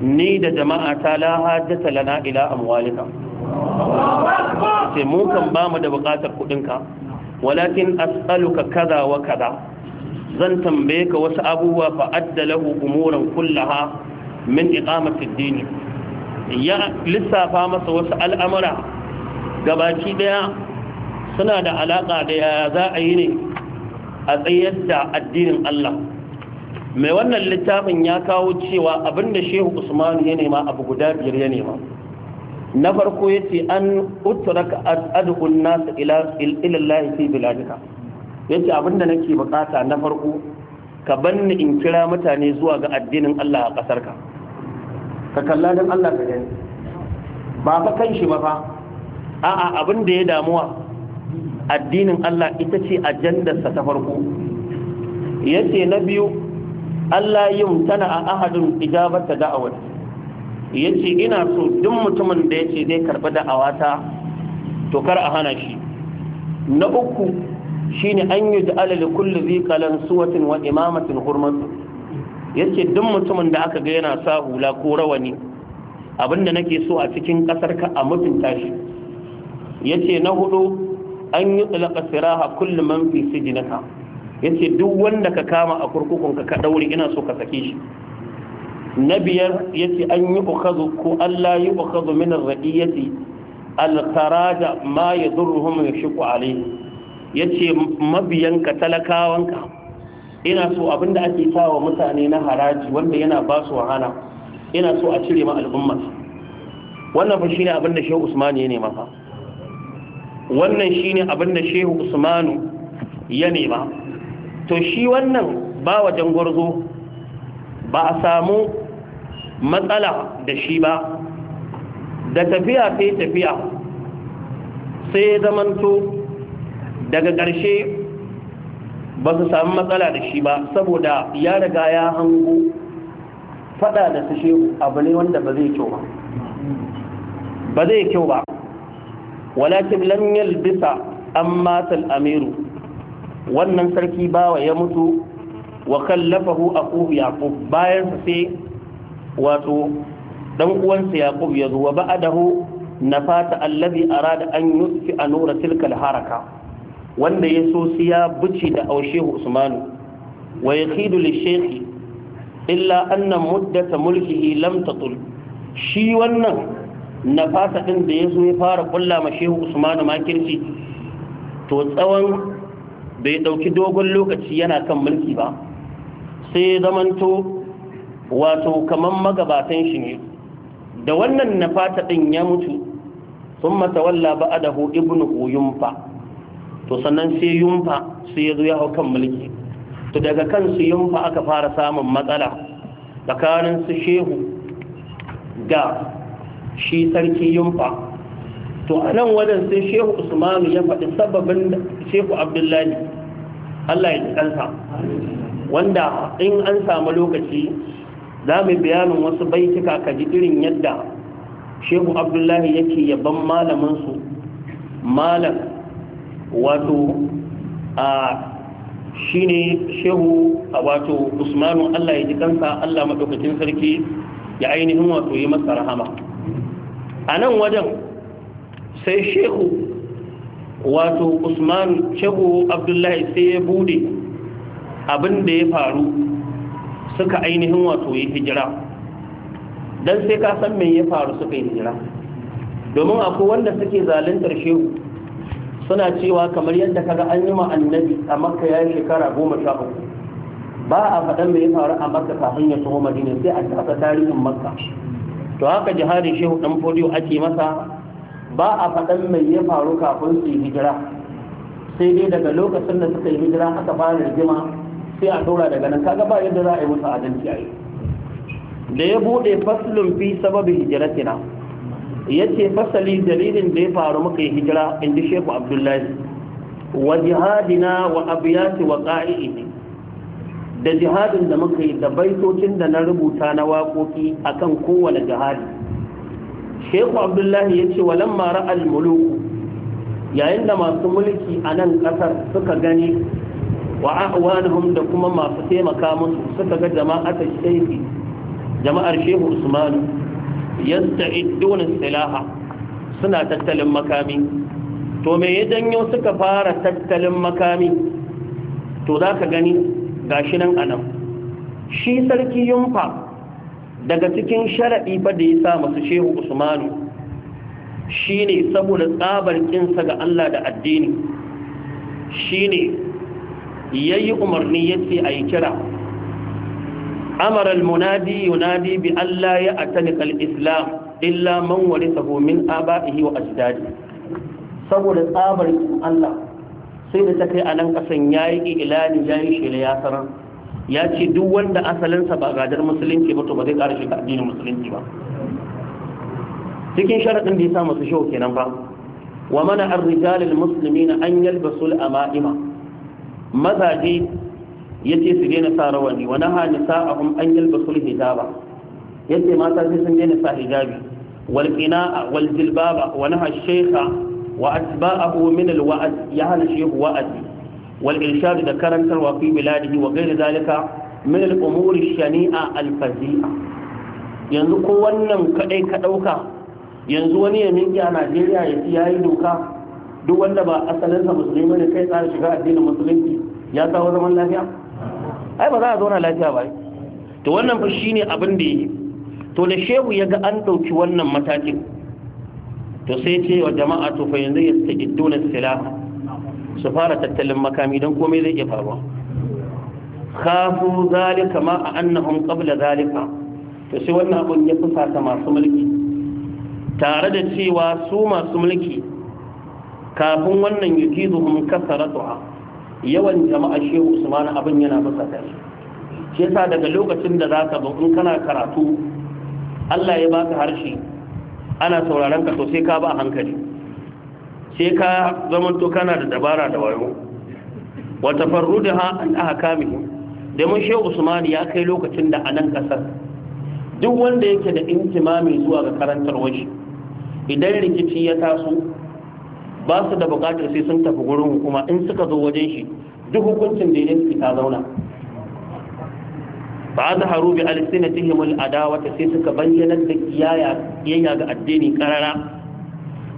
ni da jama'a ta lahajata lana ila amwalika ce mu kan ba da buƙatar kuɗinka walakin as'aluka kaza wa kaza zan tambaye ka wasu abubuwa fa addalahu umuran kullaha min iqamati ad ya lissafa masa wasu al'amura gabaki daya suna da alaka da ya za a yi ne a tsayar da addinin Allah mai wannan littafin ya kawo cewa abinda shehu usmanu ya nema abu guda biyar ya nema na farko ya ce an utraka ad'un nasu ila ilallahi fi biladika ce abinda nake bukata na farko ka banni in kira mutane zuwa ga addinin Allah a ƙasarka. ka kalla don Allah ka gani ba fa kanshi ba fa a'a abinda ya damuwa addinin Allah ita ce ajandarsa ta farko Ya ce na biyu Allah yi tana a ahadin ta da'awar ya ce ina so duk mutumin da ya ce zai karɓi da'awata to kar a hana shi na uku shi ne an yi da kullum kalan suwatin wa imamatin hurmatu ya ce duk mutumin da aka ga yana sa hula ko rawani abinda nake so a cikin ƙasar ka a mutunta shi ya ce na hudu an yi tsalaka siraha kullum man fi jinaka ya ce duk wanda ka kama a kurkukunka ka ɗaure ina so ka sake shi na biyar ya ce an yi ukazu ko Allah yi ukazu min raɗi ya raɗiyyati alkaraja ma ya durruhum ya shiku alai ya ce mabiyanka talakawanka ina so abin abinda ake wa mutane na haraji wanda yana ba su wahala ina so a cire ma al'umma wannan fa shine abinda shehu usmanu ya nema fa wannan shine abinda shehu usmanu ya nema to shi wannan ba wajen gwarzo ba a samu matsala da shi ba da tafiya sai tafiya sai zamanto daga ƙarshe ba su sami matsala da shi ba saboda ya riga ya hango fada da su shehu abu ne wanda ba zai kyau ba ba zai kyau ba walakin lanyar bisa an matal amiru wannan sarki bawa ya mutu wa kallafahu aqub yaqub bayan sai wato dan uwansa yaqub ya zo wa ba'dahu nafata allazi arada an yusfi anura tilka alharaka wanda ya so siya buci da aushehu usmanu wa yaqidu lishaykh illa anna muddata mulkihi lam tatul shi wannan nafasa din da so ya fara kulla ma shehu usmanu makirci to tsawon bai dauki dogon lokaci yana kan mulki ba sai zamanto wato kamar magabatan shi ne da wannan nafata din ya mutu sun matawalla hu ibnu yunfa, to sannan sai yunfa sai ya zo ya hau mulki to daga kansu yunfa aka fara samun matsala tsakanin su shehu da shi sarki yunfa, to a nan wajen sai shehu usmanu ya faɗi sababin shehu abdullahi allah ya ji wanda in an samu lokaci za mu bayanin wasu baituka ka ji irin yadda shehu abdullahi yake yaban malaminsu malam wato a shi ne shehu wato usmanu allah ya ji kansa allah maɗaukacin sarki ya ainihin wato yi masa rahama a nan wajen sai shehu wato usman shehu abdullahi sai ya bude abin da ya faru suka ainihin wato yi hijira don sai ka san me ya faru suka yi hijira domin akwai wanda suke zaluntar shehu suna cewa kamar yadda kaga an yi annabi a makka ya yi shekara goma sha uku ba a faɗan me ya faru a makka kafin ya taho madina sai a kasa tarihin makka to haka jihadin shehu ɗan fodiyo ake masa ba a faɗan mai ya faru kafin su yi hijira sai dai daga lokacin da suka yi hijira aka fara rigima sai a saura daga nan kaga ba yadda za a yi musu adalci a yi da ya buɗe fasalin fi sababin hijiratina ya ce fasali dalilin da ya faru muka yi hijira in ji sheku abdullahi wa jihadina wa abiyati wa ƙa'i'i da jihadin da muka yi da baitocin da na rubuta na waƙoƙi a kan kowane jihadi sheku abdullahi ya ce walan mara al-muluku yayin da masu mulki a nan ƙasar suka gani wa da kuma masu taimaka musu suka ga jama'ata shehu jama'ar shehu usman yasta'iduna silaha suna tattalin makami to me ya janyo suka fara tattalin makami to za gani gashi nan anan shi sarki yunfa daga cikin sharadi fa da yasa sa masu shehu usmanu shi saboda tsabar kinsa ga Allah da addini shi Ya yi umarni ya ce a yi kira Amaral almunadi yunadi bi alla ya atani islam illa man warithahu min abaihi wa ajdadi saboda tsabar Allah sai da ta kai a nan kasan yi ilani yayi shela ya sanar ya ce duk wanda asalinsa ba gadar musulunci ba to ba zai ƙara shiga addinin musulunci ba cikin sharaɗin da ya sa masu shau kenan ba wa mana an rijalil musulmi na an yalbasu al'ama'ima mazaje ya ce su daina sa rawani sa a kuma an sulh hijaba ce mata sai sun daina sa hijabi wal qina'a wal jilbaba wa naha shaykha wa atba'ahu min al wa'd ya hana shaykhu wa'd wal irshad da karantarwa fi biladihi wa ghairi zalika min al umur al shani'a al fazi'a yanzu ko wannan kadai ka dauka yanzu wani ya minki a Najeriya ya ci yayi doka duk wanda ba asalinsa musulmi ne kai tsara shiga addinin musulunci ya kawo zaman lafiya ai ba za a zauna lafiya ba to wannan fa shine abin da yake to da shehu ya ga an ɗauki wannan matakin to sai ce wa jama'a to fa yanzu ya saki dole silaha su fara tattalin makami don komai zai iya faruwa khafu zalika ma a annahum qabla zalika to sai wannan abun ya fusata masu mulki tare da cewa su masu mulki kafin wannan yujizuhum kasaratuha yawan jama'a shehu usman abin yana masa tashi shi yasa daga lokacin da za ka zo in kana karatu Allah ya ba ka harshe ana sauraron ka sosai ka ba hankali sai ka zaman to kana da dabara da wayo Wata faru da ha an ahkamihi domin shehu usman ya kai lokacin da anan kasar duk wanda yake da intimami zuwa ga karantar waje idan rikici ya taso ba su da bukatar sai sun tafi gurin hukuma in suka zo wajen shi duk hukuncin da yake ta zauna ba za haru bi alsinatihim aladawa ta sai suka bayyana da kiyaya kiyaya ga addini karara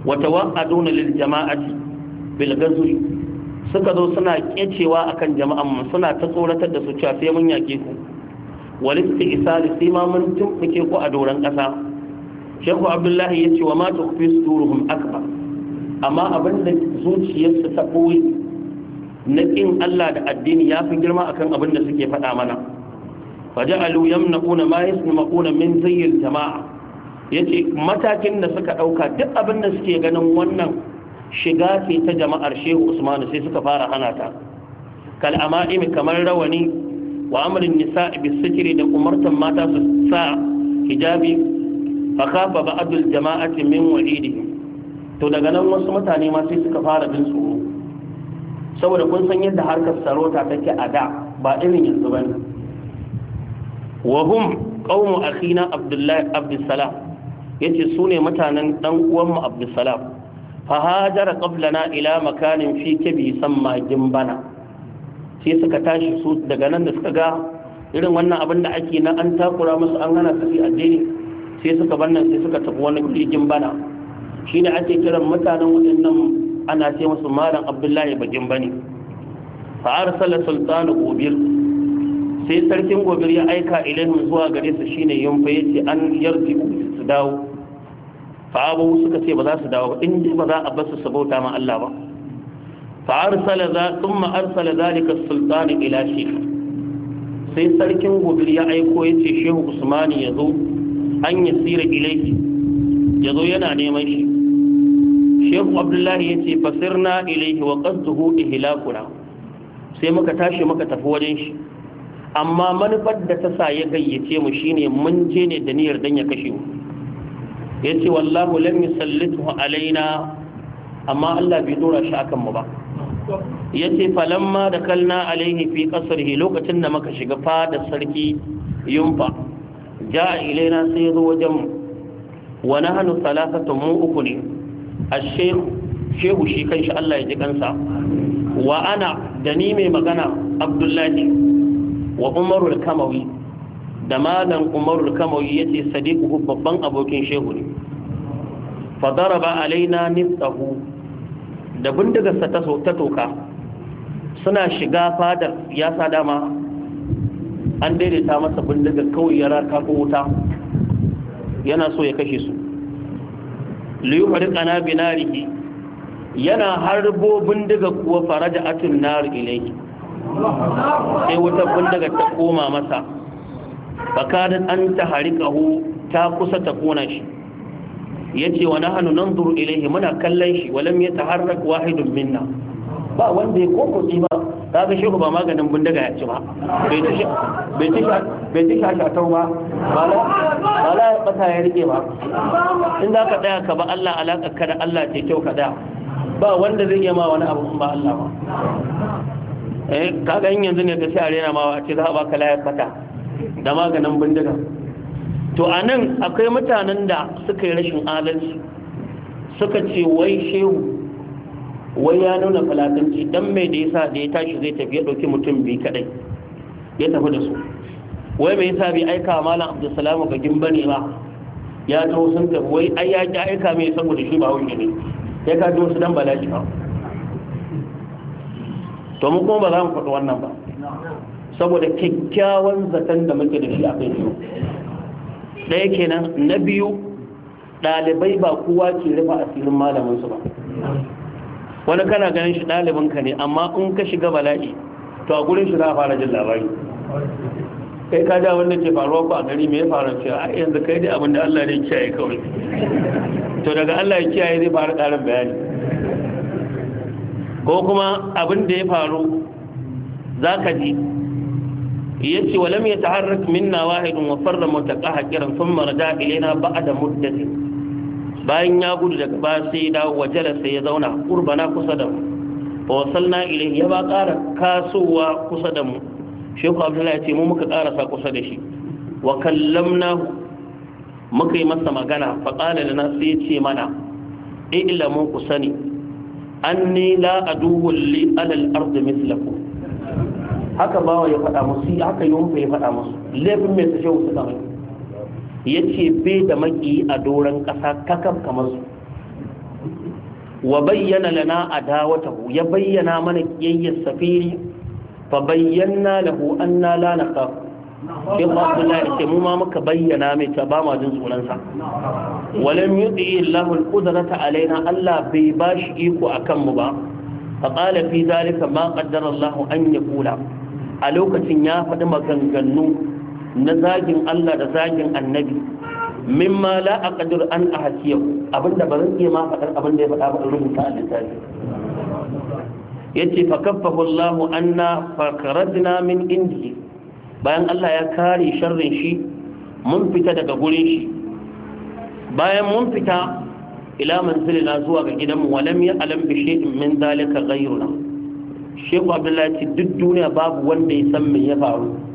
wa tawaqqaduna lil jama'ati bil ghazwi suka zo suna kyacewa akan jama'an mu suna ta tsoratar da su cewa sai mun yake ku wal isali sai ma mun tumbuke ku a doran kasa shehu Abdullahi yace wa ma tukhfi duruhum akbar amma abin da zuciyarsu ta ɓoye na ƙin Allah da addini ya fi girma akan abin da suke faɗa mana faja'alu yamna'una ma yasma'una min zayyil jama'a yace matakin da suka ɗauka duk abin da suke ganin wannan shiga ce ta jama'ar Shehu Usman sai suka fara hana ta kal ama'im kamar rawani wa amrin nisa'i bisikri da umartan mata su sa hijabi fa khafa ba'dul jama'ati min wa'idi to daga nan wasu mutane ma sai suka fara bin tsoro saboda kun san yadda harkar sarauta take a da ba irin yanzu ba ne wahum ƙaunar Akina abdullahi ya yace su ne mutanen dan uwanmu abdussalam fahajara hajara qablana ila makanin fi kabi samma bana, sai suka tashi su daga nan da suka ga irin wannan abin da ake na an takura musu an hana su addini sai suka bannan sai suka tafi wani jirgin bana shine ake kiran mutanen waɗannan ana ce musu malam abdullahi bakin bane fa arsala sultanu gobir sai sarkin gobir ya aika ilaihim zuwa gare su shine yunfa ce an yarji su dawo fa suka ce ba za su dawo in ba za a basu su bauta ma Allah ba fa arsala za thumma arsala zalika sultan ila sai sarkin gobir ya aiko ya ce shehu usmani zo an yasira Ya zo yana neman shi shehu abdullahi ya ce fasirna ilaihi wa qasduhu ihlakuna sai muka tashi muka tafi wajen shi amma manufar da ta sa ya gayyace mu shine mun je ne da niyyar dan ya kashe mu yace wallahu lam yusallitu alaina amma Allah bai dora shi akan mu ba yace falamma dakalna alaihi fi qasrihi lokacin da muka shiga fada sarki yumfa ja ilaina sai zo wajen mu wa nahnu salasatu mu uku ne ashehu shehu shi kan shi Allah ya ji kansa wa ana da ni mai magana abdullahi wa umarul kamawi da malan umarul kamawi ya ce sadiku babban abokin shehu ne ba alaina niftahu da bindigarsa ta toka suna shiga fadar ya sa dama an daidaita masa bindigar kawai ya raka wuta yana so ya kashe su liyufari kana binarihi yana harbo bindiga kuwa faraja atun nar ilai sai wata bindiga ta koma masa fakada an ta harikahu ta kusa ta kona shi yace wa nahnu nanzuru ilaihi muna kallon shi walam yataharrak wahidun minna ba wanda ya kokotsi ba kaga shehu ba maganin bindiga ya ci ba bai ci shashatau ba ba la ya bata ya rike ba in za ka daya ka ba Allah alaƙa ka da Allah ce kyau ka daya ba wanda zai yi ma wani abu ba Allah ba eh kaga yin yanzu ne ka a rena ma a ce za a baka layar fata da maganin bindiga to a nan akwai mutanen da suka yi rashin adalci suka ce wai shehu wai ya nuna falatanci dan mai da yasa da ya tashi zai tafi ya dauki mutum bi kadai ya tafi da su wai mai yasa bai aika malam abdulsalam ga gimbani ba ya taho sun tafi wai ai ya ki aika mai saboda shi ba wani ne ya ka su dan bala'i ba to mu kuma ba za mu faɗi wannan ba saboda kyakkyawan zaton da muke da shi a kai ɗaya kenan na biyu ɗalibai ba kowa ke rufe asirin malamansu ba wani kana ganin shi ɗalibinka ne amma in ka shiga bala'i to a gurin shi za a fara jin labari kai ka ja wanda ke faruwa ku a gari mai faru cewa a yanzu kai abin abinda Allah ne kiyaye kawai to daga Allah ya kiyaye zai fara ƙarin bayani ko kuma abin da ya faru za ka ji ya ce lam ya taharrak minna wahidun wa farra mutaqaha kiran sun marja ilaina ba'da muddatin bayan ya gudu daga ba sai da wajala sai ya zauna kurbana kusa da mu fa wasalna ilayhi ya ba ƙara kasowa kusa da mu shehu abdullahi ya ce mu muka ƙarasa kusa da shi wa kallamna muka yi masa magana fa da lana sai ya ce mana mun ku sani anni la la'adu li alal ard mislaku haka bawa ya faɗa musu haka yunfa ya faɗa musu laifin mai tashe wasu kamar ya ce bai da maki a doron ƙasa kakam kamar su wa bayyana lana a dawatahu ya bayyana mana ƙiyayyar safiri fa bayyana lahu an na lana kafu sai ba su la ce mu ma muka bayyana mai ta ba ma jin tsoronsa walam yudi illahu alqudrata alaina allah bai bashi shi iko akan mu ba fa qala fi zalika ma qaddara allah an yaqula a lokacin ya faɗi maganganu na zagin Allah da zagin annabi min ma la aqdir an ahsiyahu abinda ba zan iya ma faɗar abin da ya faɗa ba rubuta a littafi yace fa kaffahu Allah anna faqradna min indi bayan Allah ya kare sharrin shi mun fita daga gurin shi bayan mun fita ila manzilina zuwa ga gidanmu walam ya alam bi shay'in min zalika ghayruna Sheikh Abdullahi duk duniya babu wanda ya san me ya faru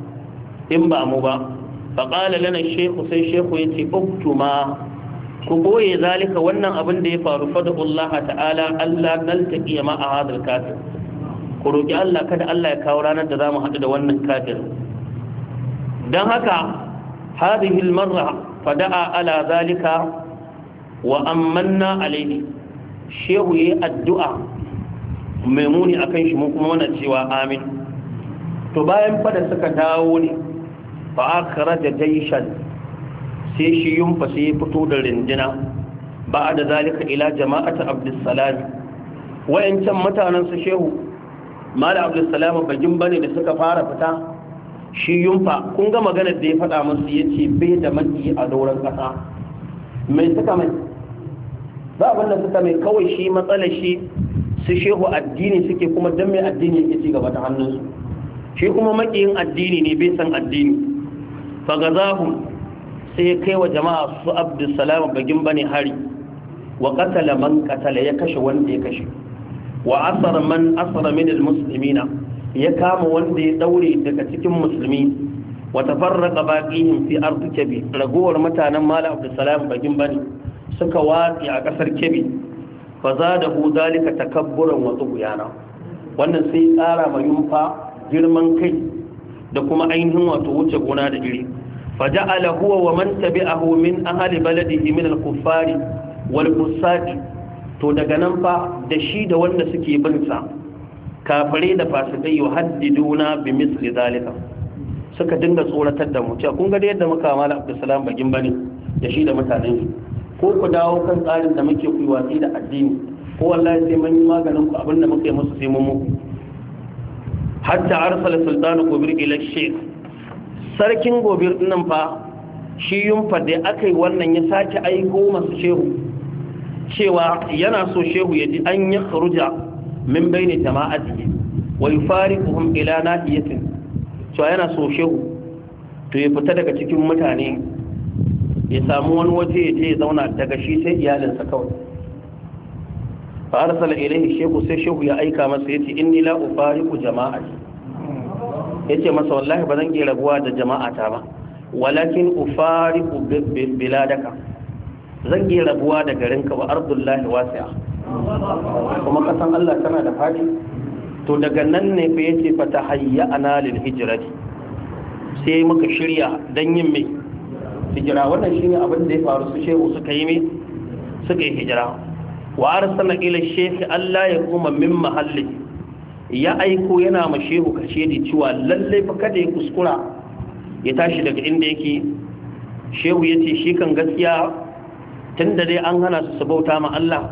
in ba mu ba faƙala lana shehu sai shehu ya ce ma. ku boye zalika wannan abin da ya faru fadullah ta'ala Allah iya ma a hadal kafin. ku roƙi Allah kada Allah ya kawo ranar da zamu haɗu da wannan kafin. dan haka hadhihi almarra fada'a ala zalika wa amanna alayhi shehu yi addu'a maimuni akan shi mu kuma muna cewa amin to bayan fada suka dawo ne fa da jayshan sai shi yunfa sai fito da rindina ba da zalika ila jama'at abdussalam wayancan mutanen su shehu mala abdussalam bagin bane da suka fara fita shi yunfa kun ga maganar da ya faɗa musu yace bai da maki a doron ƙasa mai suka mai ba abin suka mai kawai shi matsalar shi su shehu addini suke kuma dan mai addini yake ci gaba ta hannunsu shi kuma makiyin addini ne bai san addini fagazahum sai kai wa jama'a su abdussalam bagin bane hari wa qatala man qatala ya kashe wanda ya kashe wa asara man asara min almuslimina ya kama wanda ya daure daga cikin musulmi wa tafarraqa baqihim fi ardi kabi ragowar mutanen mala abdussalam bagin bane suka watsi a kasar kabi fa zadahu zalika takabburan wa tughyana wannan sai tsara ma yunfa girman kai da kuma ainihin wato wuce gona da iri فجعل هو ومن تبعه من أهل بلده من الكفار والفساد to daga nan fa da shi da wanda suke binsa kafare da fasikai haddiduna bi misli zalika suka dinga tsoratar da mu cewa kun ga yadda muka mala Abdulsalam bagin bane da shi da mutanen ko ku dawo kan tsarin da muke ku watsi da addini ko wallahi sai mun yi maganin ku abin da muka yi musu sai mun mu hatta arsala sultanu kubir ila shaykh sarkin gobe nan fa shi yunfa da aka yi wannan ya sake aiko masu shehu cewa yana so shehu ya ji an yi kharuja min bayni jama'ati wa yufariquhum ila nahiyatin cewa yana so shehu to ya fita daga cikin mutane ya samu wani waje ya je ya zauna daga shi sai iyalinsa kawai fa arsala ilayhi shehu sai shehu ya aika masa yace inni la ufariqu jama'ati Ya ce masa wallahi ba zan iya rabuwa da jama'ata ba walakin bila biladaka zan iya rabuwa da garinka ba, ardullahi wasi'a kuma kasan Allah tana da fadi to daga nan ne fa fata fa tahayyana lil hijrati sai muka shirya dan yin mai hijira wannan shine abin da ya faru su shehu suka yi mai suka yi hijira wa arsala ila shaykh Allah ya kuma min mahalli ya aiko yana ma shehu kashe da cewa lallai fa kada ya kuskura ya tashi daga inda yake shehu ya ce shi kan gaskiya Tunda dai an hana su bauta ma Allah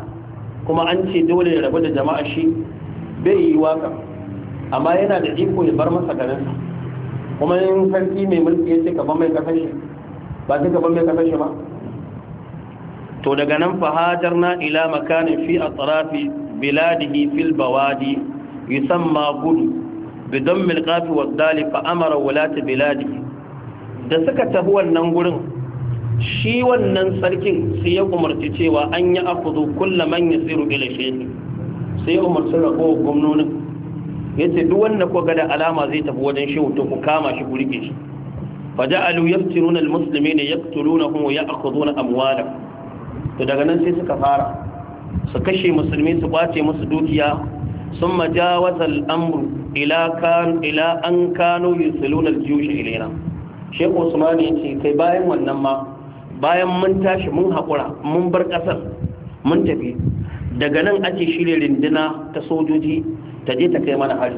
kuma an ce dole ya rabu da jama'a shi bai yi waka amma yana da iko ya bar masa sa kuma yin sarki mai mulki yace ka gaban mai kasashe ba ka gaban mai kasashe ba to daga nan fahajar na ila makanin fi a biladihi fil bawadi yusamma gudu bidon milkafi wa dali fa'amara wulata biladi da suka tafi wannan gurin shi wannan sarkin sai ya umarci cewa an yi afudu kulla man ya tsiru ilashe sai umarci ragowar gwamnonin ya ce duk wanda kuka da alama zai tafi wajen shi to ku kama shi ku rike shi faja'alu yaftiruna almuslimina yaqtulunahum wa na amwalahum to daga nan sai suka fara su kashe musulmi su kwace musu dukiya ثم جاوز الأمر إلى كان إلى أن كانوا يرسلون الجيوش إلينا شيخ عثمان يتي كي باين ونما bayan mun tashi mun haƙura mun bar ƙasar mun tafi daga nan ake shirya rinduna ta sojoji ta je ta kai mana hari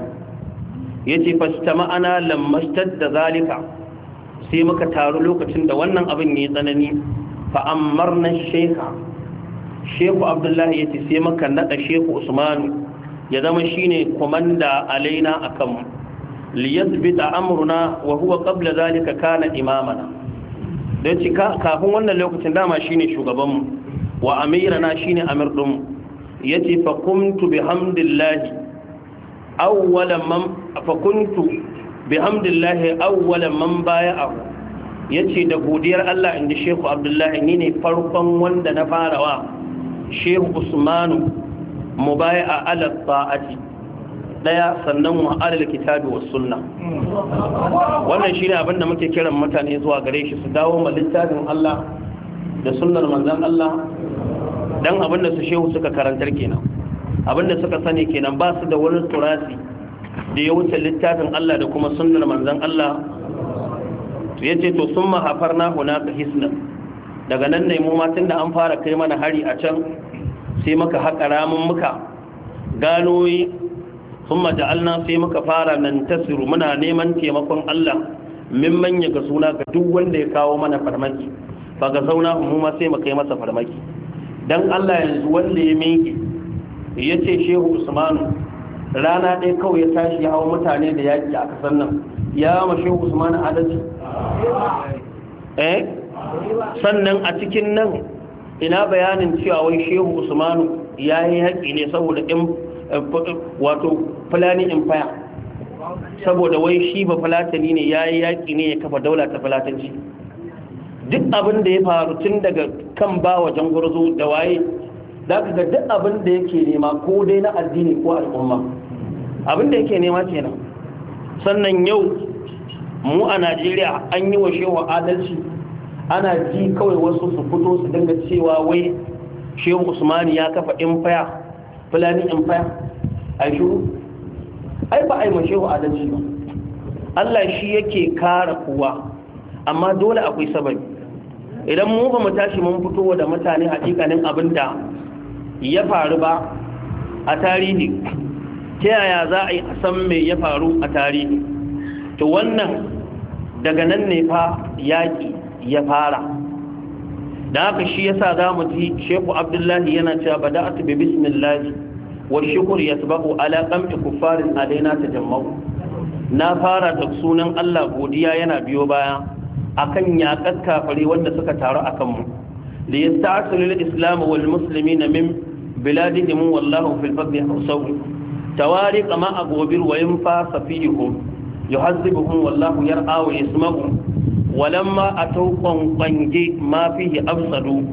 ya ce ma'ana ana lammastar da zalika sai muka taru lokacin da wannan abin ya tsanani fa'ammar na sheka sheku abdullahi ya ce sai muka naɗa sheku usmanu ya zama shine komanda alaina akan liyazbita amruna wa huwa qabla zalika kana imamana don ci kafin wannan lokacin dama shine shugaban mu wa amirana shine amir din mu yace fa kuntu bihamdillahi man fa kuntu bihamdillahi awwalan man da godiyar Allah inda shehu Abdullahi ni ne farkon wanda na farawa shehu Usmanu a ala ta'ati daya sannan wa alal kitabi was sunna wannan shine abinda muke kiran mutane zuwa gare shi su dawo ma littafin Allah da sunnar manzon Allah dan abinda su shehu suka karantar kenan abinda suka sani kenan ba su da wani turasi da ya wuce littafin Allah da kuma sunnar manzon Allah yace to summa hafarna hunaka hisna daga nan ne mu ma tunda an fara kai mana hari a can sai muka haƙa ramun muka ganoyi sun maja'alna sai muka fara nan tasiru muna neman taimakon Allah min manya ga suna ga duk wanda ya kawo mana farmaki ba ga zauna umuma sai mu kai masa farmaki Don Allah yanzu wanda ya miƙe ya ce shehu usmanu rana ɗaya kawai ya tashi ya hau mutane da yaƙi a kasar nan ya ma shehu usmanu adalci eh sannan a cikin nan ina bayanin cewa wai shehu usmanu ya yi haƙi ne saboda ɗin eh, eh, wato fulani empire saboda wai shi ba fulatani ne ya yi yaƙi ne ya kafa daula ta fulatanci duk abin da ya faru tun daga kan ba wa gurzu da waye da ga duk abin da yake nema ko dai na addini ko al'umma abin da yake nema kenan sannan yau mu a najeriya an yi wa shehu adalci ana ji kawai wasu su fito su dinga cewa wai shehu usmani ya kafa empire fulani empire a shiru ai ba ai mashehu adalci ba Allah shi yake kara kowa amma dole akwai sababi idan mu ba mu tashi mun fito da mutane hakikanin abin da ya faru ba a tarihi ta yaya za a yi a san mai ya faru a tarihi to wannan daga nan ne fa yaƙi ya fara da haka shi yasa za mu ji sheku abdullahi yana cewa ba da bi bismillahi wa shukur ya tabahu ala kamta kufarin alaina ta jammau na fara da sunan allah godiya yana biyo baya akan yaƙar kafare wanda suka taru a kanmu da ya ta'asiru lil islam wal muslimin min biladihim wallahu fil fadli hausawi tawari kama agobir wa yin fa safihum yuhazzibuhum wallahu yar'a wa walamma a tauƙon ƙwange ma fihi afsadu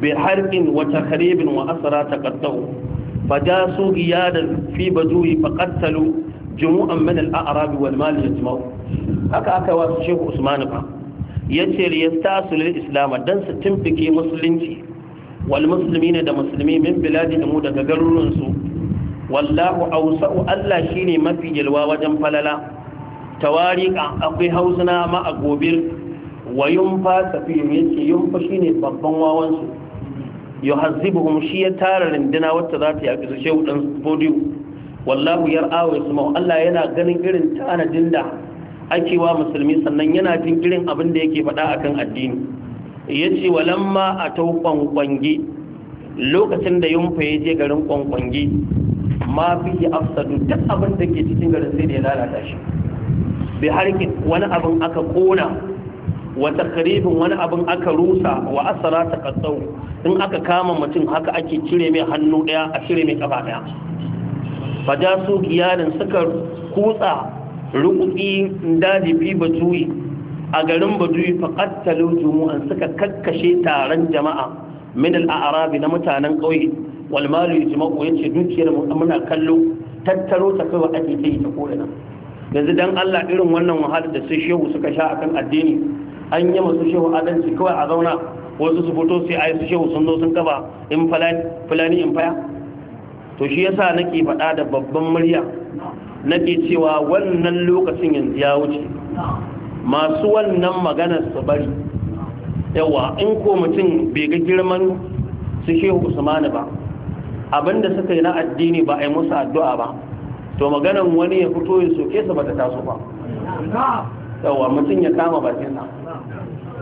bi harƙin wa takharibin wa asara taqattau fajasu giyadan fi bajuhi faqattalu jumu'an haka aka wasu shehu usman fa yace li su al-islam dan su timfike musulunci wal muslimina da musulmi min mu daga garuruwansu wallahu awsa'u Allah shine mafi yalwa wajen falala tawariƙa akwai hausuna ma a gobir wa yunfa safiyu yace yunfa shine babban wawansu yuhazzibuhum shi ya tara rindina wata za ta yaƙi su shehu ɗan wallahu yar'awa yasma'u Allah yana ganin irin tanadin da ake wa musulmi sannan yana jin irin abin da yake faɗa akan addini yace walamma atau kwankwange lokacin da yunfa ya je garin kwankwange ma fihi afsadu duk abin da ke cikin garin sai da ya lalata shi bi harkin wani abin aka kona wa takribin wani abin aka rusa wa asara ta katsau in aka kama mutum haka ake cire mai hannu daya a cire mai kafa daya faja su giyanin suka kutsa rukuki daji bi bajuyi a garin bajuyi faqattalu jumu'an suka kakkashe taron jama'a min al na mutanen kauye wal malu ya yace dukiyar mu muna kallo tattaro ta kai wa ake ta kore nan yanzu dan Allah irin wannan wahalar da sai shehu suka sha akan addini an yi masu shehu adalci kawai a zauna wasu su fito sai ayi su shehu sun zo sun kaba in fulani in faya to shi yasa nake faɗa da babban murya nake cewa wannan lokacin yanzu ya wuce masu wannan maganar su bari yawa in ko mutum bai ga girman su shehu usmani ba abinda suka yi na addini ba a yi musu addu'a ba to maganan wani ya fito ya soke sa bata taso ba yawa mutum ya kama bakinsa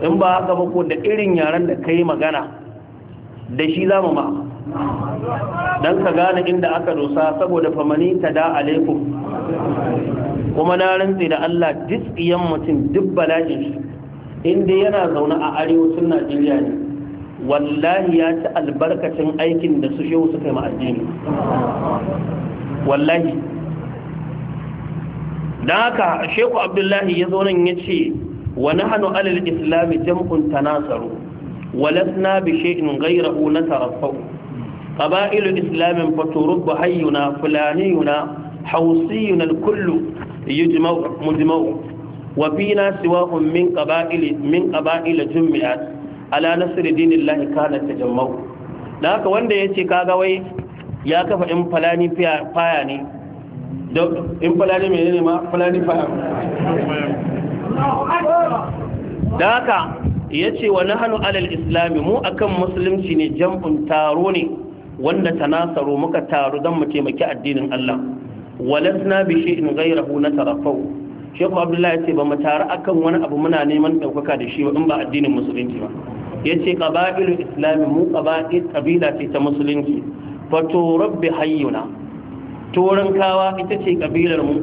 in ba haka ba ko da irin yaren da kai magana da shi za mu ma don ka gane inda aka dosa saboda famani ta da alaikum kuma na rantse da Allah diskiyan mutum duk bala'in shi inda yana zaune a arewacin Najeriya ne wallahi ya ci albarkacin aikin da su shehu suka yi ma'ajini wallahi don haka sheku abdullahi ya zo nan ya ce wa hannu alil islami jam'un tanasaru wa lasna bi gaira na natarafau Ƙaba'ilu islamin faturubbu hayyuna fulaniyuna hawsiyuna al-kullu yujma'u jimau wa fina siwa'un min qaba'ili min qaba'il jumi'a ala dinin lahi kana jimau da haka wanda yace kaga wai ya kafa in falani faya ne don in fulani mai ne ma alal islami mu akan musulunci ne jam'un taro ne wanda ta nasaro muka taru don mu taimaki addinin Allah walasna bi shay'in ghayrahu na tarafau Sheikh Abdullahi ya ce ba mu taru akan wani abu muna neman daukaka da shi in ba addinin musulunci ba yace qaba'ilu islami mu qaba'il qabila ce ta musulunci fato rabbi hayyuna turin kawa ita ce kabilar mu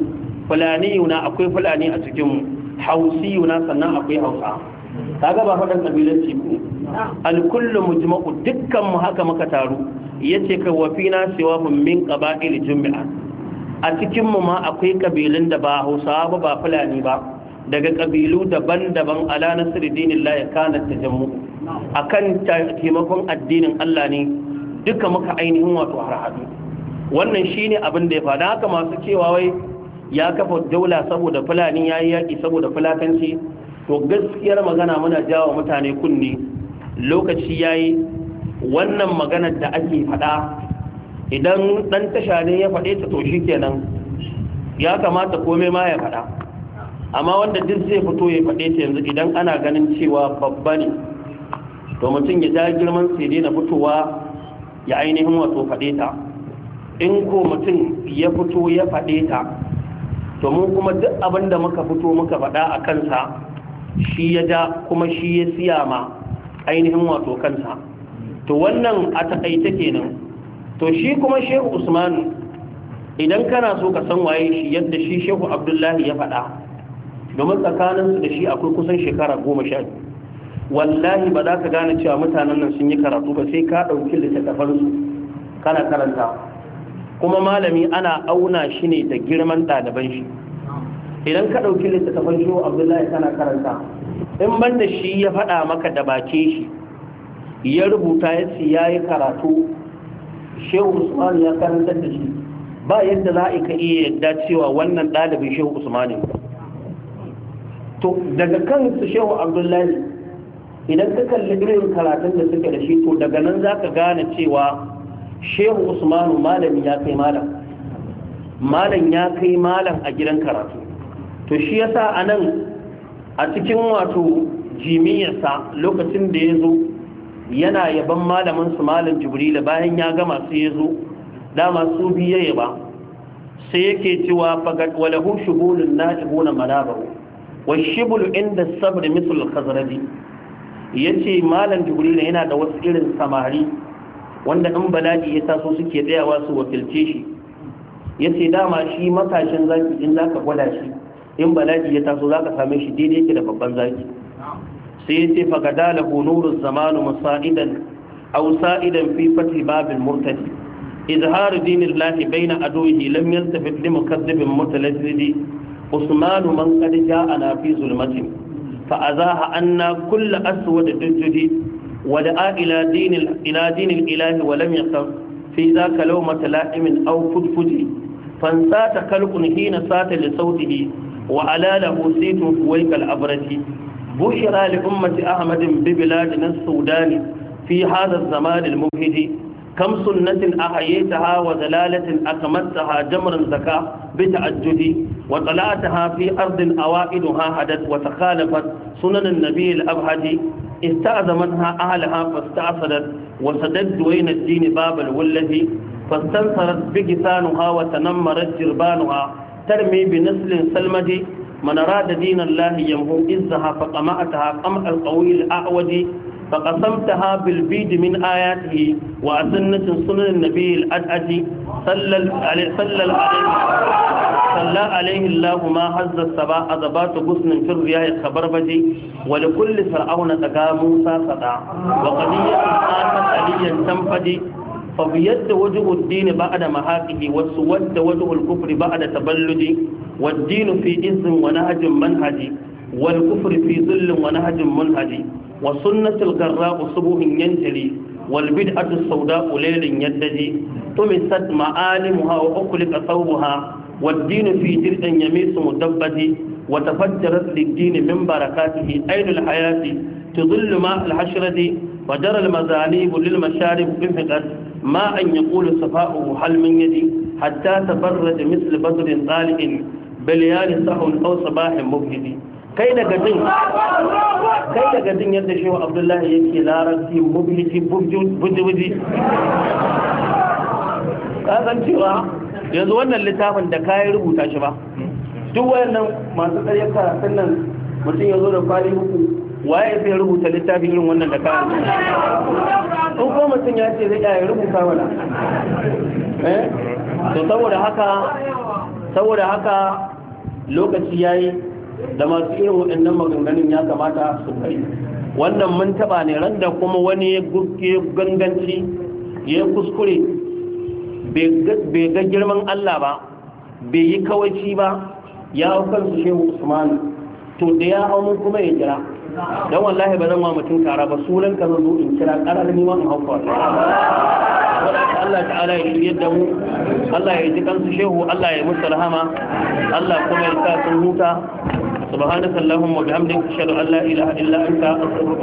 fulani yuna akwai fulani a cikin mu hausi yuna sannan akwai hausa ta ba faɗin kabilar ce ku alkullu mujma'u dukkan mu haka muka taru yace ka wafina cewa mun min qaba'il jum'a a cikin mu ma akwai kabilun da ba hausa ba ba fulani ba daga kabilu daban-daban ala nasruddin Allah ya kana tajammu akan taimakon addinin Allah ne duka muka ainihin wato har hadu wannan shi ne abin da ya faɗa haka masu cewa wai ya kafa daula saboda fulani ya yi yaƙi saboda fulakanci to gaskiyar magana muna jawo mutane kunni lokaci ya yi wannan maganar da ake faɗa idan ɗan tasha ne ya faɗe ta to shi kenan ya kamata komai ma ya faɗa amma wanda duk zai fito ya faɗe ta yanzu idan ana ganin cewa babba ne to mutum ya ja girman sai na fitowa ya ainihin wato faɗe ta in ko mutum ya fito ya faɗe ta to mun kuma duk abin da muka fito muka faɗa a kansa shi ya ja kuma shi ya siya ma ainihin wato kansa to wannan a taƙaita kenan to shi kuma shehu usmanu idan kana so ka san waye shi yadda shi shehu abdullahi ya faɗa domin tsakaninsu da shi akwai kusan shekara goma sha wallahi ba za ka gane cewa mutanen nan sun yi karatu ba sai ka ɗauki littattafansu kana karanta kuma malami ana auna shi ne da girman ɗaliban shi idan ka ɗauki littattafan shi abdullahi kana karanta in banda shi ya faɗa maka da bake shi ya rubuta ya ce ya yi karatu shehu usman ya karantar da shi ba yadda za a ka iya yadda cewa wannan ɗalibin shehu usman to daga kansu shehu abdullahi idan ka kalli irin karatun da suke da shi to daga nan za ka gane cewa shehu usmanu malami ya kai malam malam ya kai malam a gidan karatu to shi yasa a a cikin wato jimiyarsa lokacin da ya zo yana yaban malamin su malam jibrila bayan ya gama sai ya zo dama su biye yaba sai yake cewa fagad walahu shubulun najibuna manabahu wa shibulu inda sabr mithl khazraji yace malam jibrila yana da wasu irin samari wanda in bala'i ya taso suke tsayawa su wakilce shi ya ce dama shi matashin zaki in za ka gwada shi in bala'i ya taso za ka same shi daidai ke da babban zaki sai ya ce fagada da honorun zamanu musa'idan au sa'idan fi fati babin murtadi izharu dinin lahi bai na lam yaltafi limu kazzabin mutalazzidi usmanu man kad ja'a na fi zulmatin fa azaha anna kulla aswad dujudi wada a iladin ilahi wa lamya kan fi za ka lau la'imin au fudfuji fan ta kalkun hina sa ta da sautihi wa alala husitun huwai kal'abarati bushira li ummati ahmadin bi biladi na sudani fi hada zamanin muhidi kam sunnatin a hayyata ha wa zalalatin a kamarta ha jamarin zaka bi ta'ajjudi wa tsalata ha fi ardin awa'idun ha hadat wa takhalafat sunanin nabi al-abhadi استعظمتها أهلها فاستعصدت وسدد وين الدين بابل والذي فاستنصرت بجثانها وتنمرت جربانها ترمي بنسل سلمدي من أراد دين الله يمهو إزها فقمعتها قمع القوي الأعودي فقسمتها بالبيد من آياته وأسنة سنن النبي الأدعدي صلى الله عليه وسلم صلى عليه الله ما حز السبا أذبات غصن في الرياء الخبربج ولكل فرعون تقى موسى صدع وقضية آتت عليا تنفدي فبيد وجه الدين بعد محاكه وسود وجه الكفر بعد تبلد والدين في إذ ونهج منهج والكفر في ظل ونهج منهج وسنة الغراء صبح ينجلي والبدعة السوداء ليل يدجي طمست معالمها وأخلق ثوبها والدين في جرء يميس مدبدي وتفجرت للدين من بركاته أين الحياة تظل ماء الحشرة وجرى المذاليب للمشارب بفقد ما أن يقول صفاؤه حل من يدي حتى تبرد مثل بدر طالئ بليان صح أو صباح مبهدي kai daga jin kai daga jin yadda shehu abdullahi yake larabci mubhiji bujiji ka yanzu wannan littafin da kayan rubuta shi ba duk wayannan masu tsariya karatun nan mutum ya zo da kwali huku, waye zai rubuta littafin irin wannan da kayan rubuta ko mutum ya ce zai ya rubuta mana eh to saboda haka saboda haka lokaci yayi da masu irin waɗannan maganganun ya kamata su kai wannan mun taba ne randa kuma wani ya gurke ganganci ya kuskure bai ga girman Allah ba bai yi kawaci ba ya hau su shehu usman to da ya hau kuma ya jira don wallahi ba zan ma mutum kara ba sunan ka zo in kira karar ni ma in hau Allah ta'ala ya shirye da mu Allah ya ji kansu shehu Allah ya musu rahama Allah kuma ya sa sun huta subhanakallahumma wa bihamdika ashhadu an la ilaha illa anta astaghfiruka